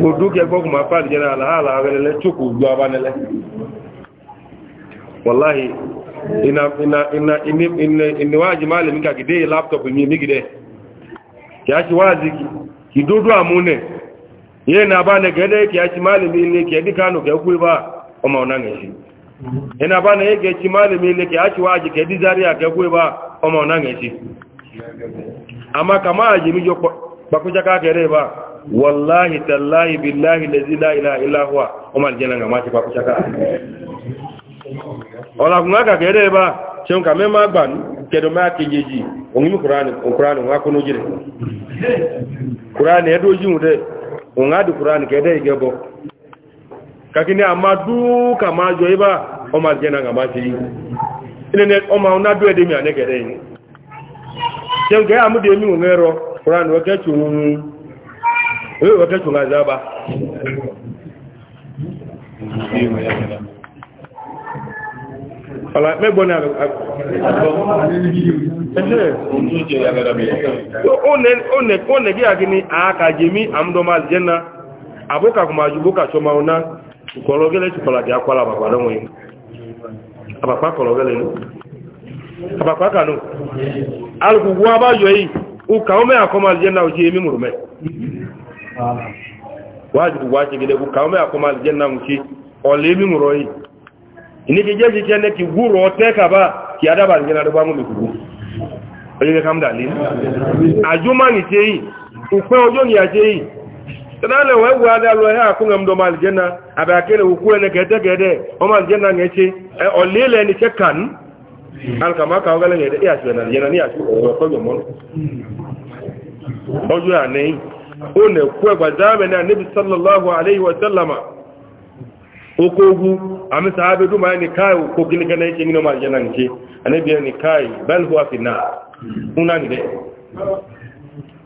gbòdúkẹ́ gbọ́kùnmà pàlìjẹ́nà àlàhàlà ọgẹ́lẹ́lẹ́ tókù ojú abánilẹ́ wàláhì ìníwájì máa lè ní kàkìdé láptọ̀pù mi nígidẹ́ kìí ihe na-aba na gede ka echi malami ile ka dị ka anụ ka ekwu ebe a ọma ọ naghị ihe na-aba na ege echi malami ile ka achịwa aji ka edizari ya ka ekwu ebe a ọma ọ naghị echi ama ka ma ji mijo kpakụchaka kere ebe a wallahi tallahi billahi lezi la ila illa huwa ọma aljana ga machi kpakụchaka ọlakwụnwa aka kere ebe a cheun ka mema gba kedu ma ka ijeji onye mi kurani nwa akụnụ jiri kurani edo ojinwu dee ongadi Qur'an kede igebo kakini amadu kama jo iba o ma jena ngama ti ine ne o ma ona du ede mi ane kede ni se ge amu de mi unero Qur'an wo ke chun e wo ke chun azaba Voilà, mais bonne année. one gị agị ni aka jemi amdoma jena abụ ka kuma jubu ka choma una kọlọ gele chukwala gị akwala abakwa don wen abakwa kọlọ gele abakwa kanụ no alugwu aba yi u ka o me akoma jena o jemi murume wajibu wajibu gele u ka o me akoma jena mu chi o le mi muro yi ni ki je ji chene ki guru o ka ba ki adaba ngena do ba mu mi gugu ẹgbẹ́ kàmdàlé àjúmánì tí èyí òpin ọjọ́ ni àjẹ́ èyí tẹ́lẹ̀ wọ́n wọ́n adá lọ ẹ́ àkúnlẹ̀mdọ́ màlìjẹ́nà àbẹ̀kẹ́lẹ̀ òkú ẹni gẹ̀ẹ́dẹ́gẹ̀ẹ́dẹ́ ọmọ àlìjẹ́nà ẹ̀ṣẹ́ ọ̀lẹ́lẹ̀ ẹni ṣẹ́ kàn alkàmáka ọgẹ́lẹ̀ okogu ami sahabe duma ni kai ko gilgana yake ni ma jana nke anabi ni kai bal huwa fi nar unani de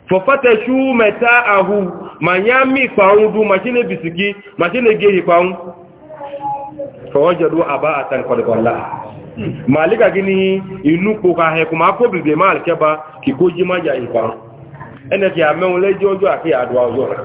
fọ̀fọ́tẹ̀ ṣú mẹ́ta àhù ma yá mí ìpàun dú ma ṣe lè bìsìkí ma ṣe lè gé ìpàun fọwọ́jọ̀dú àbá àtànkọ̀lẹ̀kọ̀lá ma líka gí ní inú kòkà ẹkù ma kó bìbì máa kẹba kì kó jí má yà ìpàun ẹnẹ kì àmẹ́un lẹ́jọ́ ọjọ́ àti àdúwà ọjọ́ rẹ̀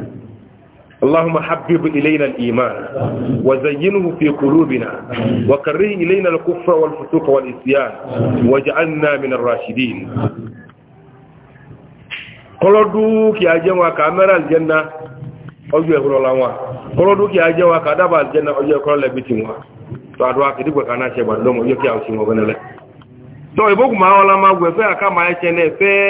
اللهم حبب إلينا الإيمان وزينه في قلوبنا وكره إلينا الكفر والفسوق والإسيان وجعلنا من الراشدين kọlọ́dún kí a jẹ́ wọn ká mẹ́rẹ̀ aljanna ọjọ́ ẹ̀kọ́ la wọn kọlọ́dún kí a jẹ́ wọn ká dábà aljanna ọjọ́ ẹ̀kọ́ lẹ́bí ti wọn tó àdúrà kìdígbẹ̀ ká náà ṣẹ̀bà lọ́mọ yóò kí a ṣe wọn gẹ́nẹ́lẹ́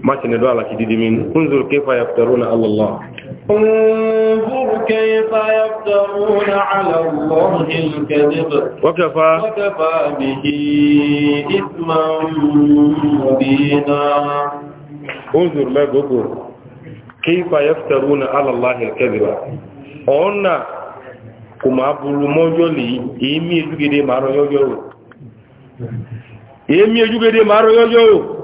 ما تندوا على كديد من انظر كيف يفترون على الله انظر كيف يفترون على الله الكذب وكفى وكفى به إثما مبينا انظر ما بقول كيف يفترون على الله الكذب أنا كما أقول موجولي إيمي يجوكي دي مارو يوجو إيمي يجوكي دي مارو يوجو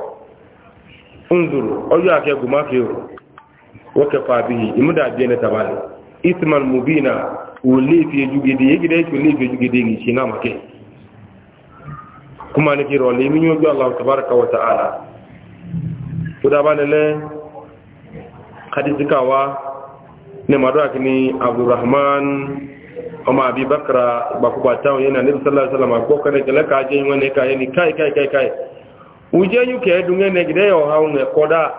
unzuru ọjọ́ akẹ́gùn má fi rò wọ́kẹ̀fà bí i ìmúdà bí ẹni tàbálẹ̀ isman mubina wò lè fi ejú gidi yégidẹ́ ìtò lè fi ejú gidi ní ṣe náà mọ̀kẹ́ kuma ní kí rọ̀ lè mímú ojú aláwọ̀ tàbára kawọ̀ ta'ala tó dábá nílẹ̀ kadisikawa ní madura kí ni abdulrahman ọmọ abi bakra gbakubata yana nabi sallallahu alaihi wasallam akọkọ ne kẹlẹ ka wọn ne ka yẹ ni kai kai kai kai uje yuke edunge negide yo haunge koda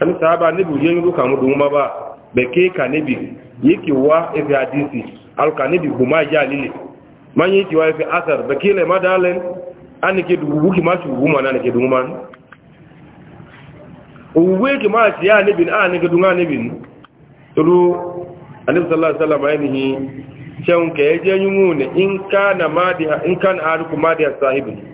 ani sahaba ne bi yengu kamu duma ba beke ka ne bi yiki wa efi hadisi al ka ne bi buma ya lile man yiki wa efi asar beke le madalen ani ke du buki ma su buma na ne ke duma uwe ke ma ti ya ne bi a ne ke dunga ne bi tulu annabi sallallahu alaihi wasallam ainihi cewa ke je yungu ne in kana madiha in kana ariku madiha sahibi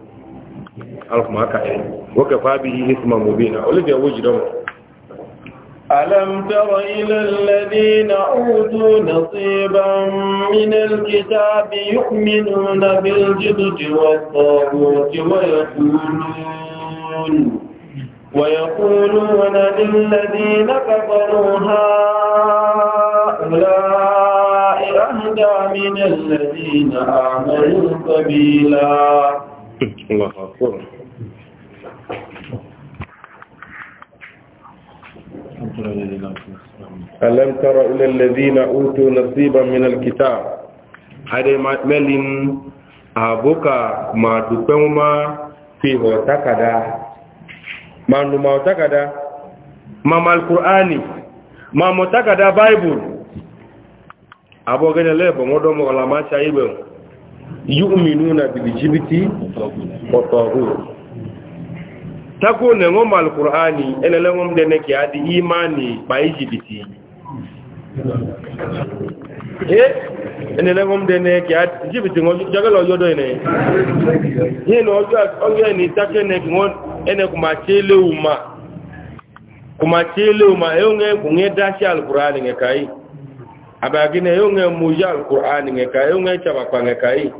alkuma aka yi waka fabi isma mubina olivia wuji don ألم تر إلى الذين أوتوا نصيبا من الكتاب يؤمنون بالجبت والطاغوت ويقولون ويقولون للذين كفروا هؤلاء أهدى من الذين آمنوا سبيلا الله أكبر ألم تر إلى الذين أوتوا نصيبا من الكتاب هذا ملين أبوكا ما تقوما في هوتكدا ما نما هوتكدا ما ما القرآن ما متكدا بايبل أبو غنى لبا مدوم على ما شايبه يؤمنون بالجبتي وطاغوت tako ne ngom alqur'ani ene ngom de neki adi imani ba ijibiti eh ene le ngom de neki adi ijibiti ngo jagalo yodo ene ye no ojo ojo ni take ne ngon ene kuma chele uma kuma chele uma yonge e kunge dashi alqur'ani nge kai abagine yonge e muja alqur'ani nge kai yonge e chaba kwa nge kai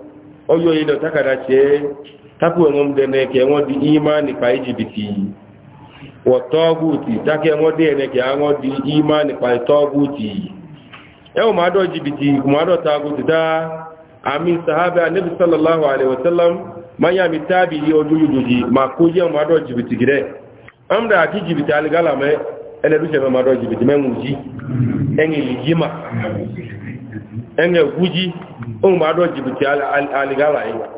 ojo ile takada che takwa enwe dị na eke enwe dị imani pa ijibiti wọtọọgwuti taka enwe dị na ka dị imani pa tọọgwuti ewu ma adọ jibiti ma adọ tagwuti daa ami sahabi anabi sallallahu alaihi wasallam manya mi tabi yi odu yuduji ma ko adọ jibiti jibiti aligala adọ jibiti adọ jibiti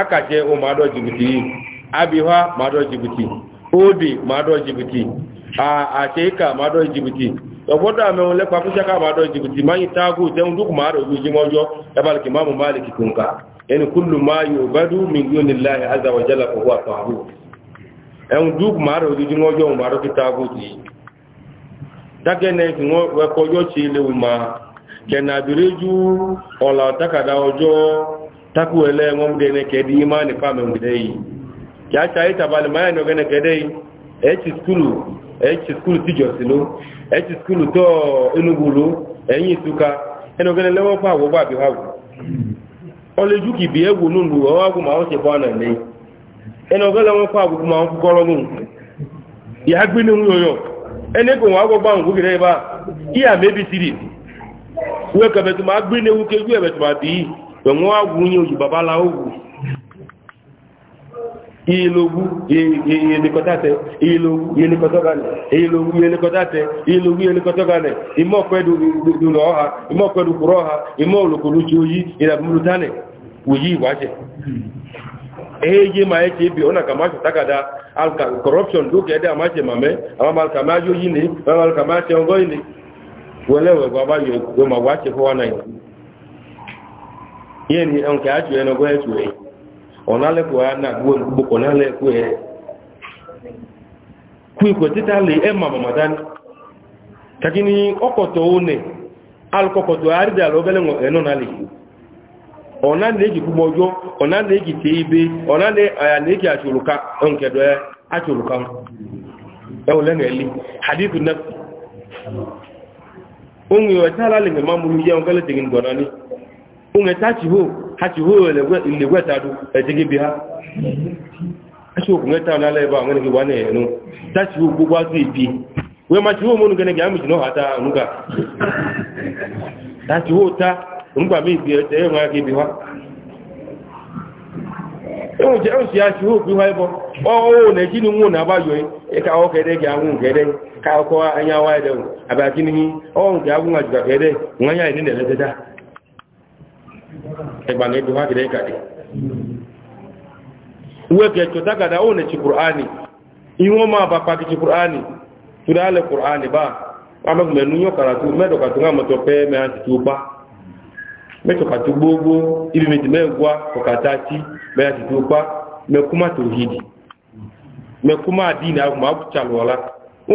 akache ụmụadọ jibuti abịhwa madọ jibuti obi madọ jibuti acheika madọ jibuti ọgbọdọ amẹwọn lẹpa fúnṣẹká madọ jibuti mayi taagu tẹun dúkù madọ gbígbí mọjọ ẹbálìkì mamu malik kunka ẹni kúlù máa yóò fọwọ́ dúkù dákẹ́nẹ́ yọ́ ṣe léwu ma e ọjọ́ taku ele ngom gene ke di imani pa men i. ya cha ita bal ma ị gene ke dei e chi skulu e chi skulu ti josilo skulu to inugulu enyi tuka eno gene lewo pa bi ole juki bi ewu nunu o wa ma pa na ni eno gele won pa ku ma ku koro nu ya gbe ene ko gba gire ba iya mebi ma gbe pẹ̀mú àgùn ní ojú bàbá láògùn ìlògú ìyẹnikọ́tàtẹ̀ ìlògú ìyẹnikọ́tàtẹ̀ ìlògú ìyẹnikọ́tọ́gànẹ̀ ìmọ̀ pẹ̀lú ọha ìmọ̀ pẹ̀lú kúrọ̀ ọha ìmọ̀ olùkòlù tí ó yí ìrẹ̀bùrù tánẹ̀ wòyí ìwájẹ̀ eje ma eche bi ona kama shi takada alka corruption do kede ama che mame ama alka ma yo yini ama alka ma che ongo yini wele we baba wache ko wana yini yẹni ọ̀nkẹ́ àjò ẹnu ọgbọ́ ẹ̀tù ẹ̀ ọ na ẹ̀kọ́ ya ẹ̀ kú ikọ̀ títà lè ẹ̀ mà màmá dání kàkí ni ọkọ̀tọ̀ ònẹ̀ alùkọ̀kọ̀tọ̀ ọ lọ́bẹ̀lẹ̀ eji nálẹ̀ ọ̀nà lẹ́kì kúmọjọ́ ọ̀nà lẹ́kì ọ ibé na lẹ́kì àṣòrùka ọ̀nkẹ̀dọ̀ àṣòrùka ẹ̀wọ̀ hadithu unweta chiho ha chiho ilegwetadu ejighi bi ha achioku nweta n'ala ebe gị gwa na-enu tachiho gbogbo atụ ipi wee ma chiho mụnụ ga na ọhata ta ngwa m ibi ete ibi ha enwechi enwechi ha na eji n'unwu na-agba yoyi e ka ọ kere gị anwụ ka ọkọ anya wa ede abịa gị n'ihi ọhụụ nke agwụ ka nwa ya ne na ẹgbàlẹ̀ ibi wákìdá ìkàdé uwe kẹjọ dágàdá ó nẹ̀ci kùránì ihun ma bá pàkìci kùránì tún dálẹ̀ kùránì bá amẹ́kùn mẹ́nu yọ kàràtú mẹ́dọ̀kàtú ń àmọ́tọ̀ pẹ́ mẹ́ra ti tó pa mẹ́tọ̀kàtú gbogbo ibi méjì mẹ́gbà kọ̀kàtà tí mẹ́ra ti tó pa mẹ́kúmà tó hìdì mẹ́kúmà dínà àgùnmá càlùwọ́lá ó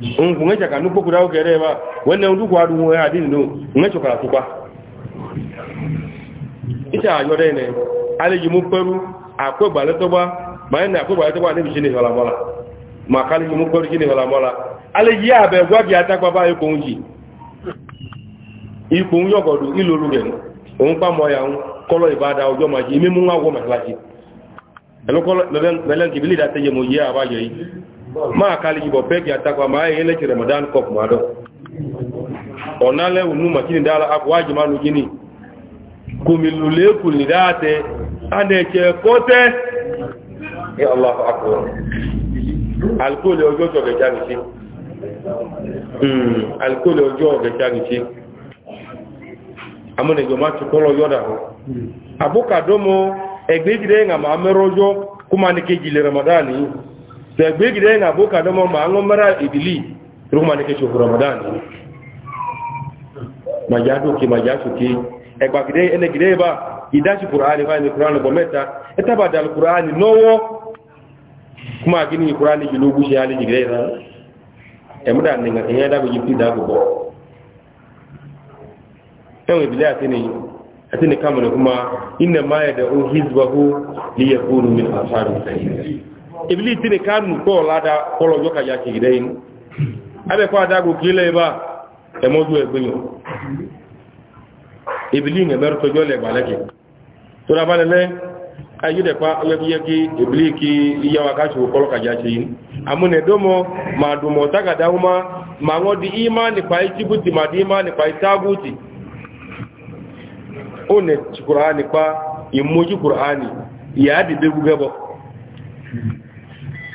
nkunge chaka nukpokuru ahụ kere ebe a wenne ndukwu adụ nwe ha dị nnụ nwe chọkara tụkwa icha ayọrọ ene alịghị m mkperu akwegbalịtọgba ma anyị na-akwegbalịtọgba n'ebi chineke ọla mọla ma kalịghị m mkperu chineke ọla mọla alịghị ya bụ egwa ma atakwaba ikwu nji ikwu nyi ọgọdụ ilu olu pa mọ ya ń kọlọ ìbáda ọjọ́ ma ṣe imé mú wọn wọ màtàlá ṣe ẹlọ́kọ́lọ́ lọ́lẹ́ nkìbílì dá Ma kálí yìnbọn peki kí atakwa máa yẹ lẹ́kì ramadan cup máa dọ́ ọ̀nà lẹ́wù nú màkínì dára akọwájì máa lójí ní kòmìlù lẹ́kùn ní dáàtẹ́ anẹ̀kẹ́ kọ́tẹ́ ní aláhọ́ akọwọ́ alkóòlẹ̀ ọjọ́ ọ̀gẹ̀kẹ́ amúnẹ̀jọ máa ti kọ́lọ yọ́dà hù àbúkàdọ́mọ ẹgbẹ́ ìdílé ẹ̀ngàmà amẹ́rọ́jọ́ kó máa ní kejì lè ramadan ni tẹ̀gbé gidẹ́ na bó kàdọ́mọ́ ma ń mara ìdílì rúmà ní kẹsùn ramadan ma já dókè ma já sókè ẹgbà gidẹ́ ẹnẹ gidẹ́ bá ìdáṣì kùránì fáyé ní kùránì bọ̀ mẹ́ta ẹtàbà dàl kùránì lọ́wọ́ kúmà kí ní kùránì yìí ló gúúsẹ̀ alẹ́ gidẹ́ rẹ̀ ẹ̀múdà ní nǹkan kẹyẹ dábò yìí fìdá bọ̀ ẹ̀wọ̀n ìbílẹ̀ àti ní àti ní kàmùnì kúmà ìnà máyẹ̀dẹ̀ ó hìzbà hó lè yẹ fóònù mi àfáàrù sẹ́yìn ibili tini kanu ko lada kolo joka ya ki gidayin abe ko adago kile ba e modu e gbinyo ibili nge merto jole balake to la balale ayide pa lebi yeki ibili iya wakashi kolo ka ya ki domo ma taka dauma ma ngodi imani pa ichibuti ma di imani pa one qur'ani pa imuji qur'ani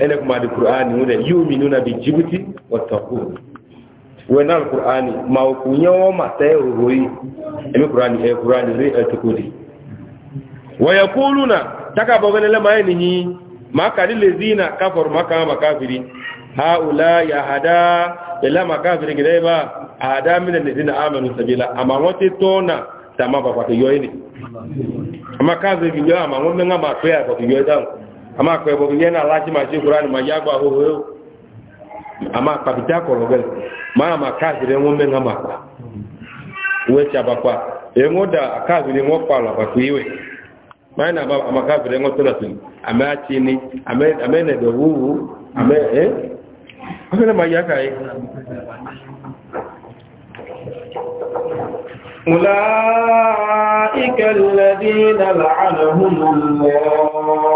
ene kuma di qur'ani wune yuminuna bi jibuti wattaqun wena al qur'ani ma ku nyawo ma tay ruhi emi qur'ani e qur'ani ri e tukudi wa yaquluna taka bogale le mai ni ma ka lezina kafar maka makafiri haula ya hada ila makafiri gidai ba hada min alladhina amanu sabila amma wote tona tama ba kwa yoyini amma kafiri gidawa amma mun nga ma kwa kwa yoyini ama kpɛ bɔ nyɛ na ala ma se kura ma yagba hoho yio ama kapita kɔlɔ gɛlɛ maa ma kaasi de ŋo mɛ ŋa ma kpa wo etsi aba kpa ee ŋo da kaasi de ŋo kpa ba tu yi wɛ na ba ama kaasi de ŋo tɔ la tu ame atsi ni ame ame ne do wuwu ame ɛ ɔfɛ ne ma ya ka ye. أولئك الذين لعنهم الله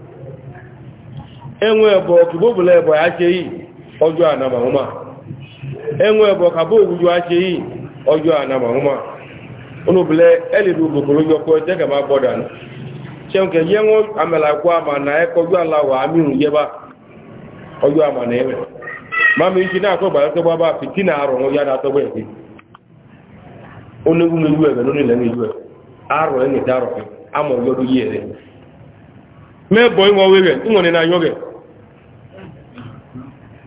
enwe ẹbọ kìbó bùlẹ̀ ẹbọ àṣẹ yìí ọjọ́ ànàmàhúnmá enwe ẹbọ kàbó òwújọ àṣẹ yìí ọjọ́ ànàmàhúnmá onúbùlẹ̀ ẹlẹ́dù gbogbo yọkọ ẹjẹ́gà máa gbọ́dà ní ṣẹ́nkẹ̀ yẹ́ wọ́n amẹ́làkọ́ àmànà ẹkọjú aláwọ̀ amírùn yẹba ọjọ́ àmànà ẹ̀rẹ̀ máa mi ṣe náà tọ́gbà ni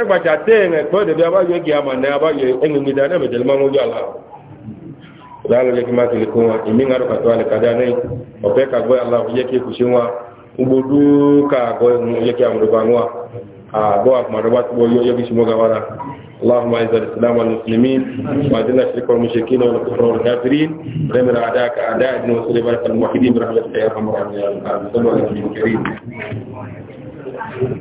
ẹgbàtà tẹ́ẹ̀rẹ̀ pẹ́ dẹ̀bí abájọ́ kí a mà ní abájọ́ ẹgbẹ̀mìdá náà mẹ́jẹ̀lẹ́ máa mọ́jọ́ àlá láàrín lẹ́kí máa tẹ̀lé kún wọn ìmí ń arọ́kàtọ́ alẹ́kàdá náà ọ̀pẹ́ kàgbọ́ àlá yẹ kí kù sí wọn gbogbo kàgọ́ yẹ kí àmọ̀dọ̀bà wọn àgọ́ àmọ̀dọ̀bà tó wọ́n yẹ kí sí mọ́gà wọn اللهم اعز الاسلام والمسلمين واذل الشرك والمشركين والكفر والكافرين ودمر اعداءك اعداء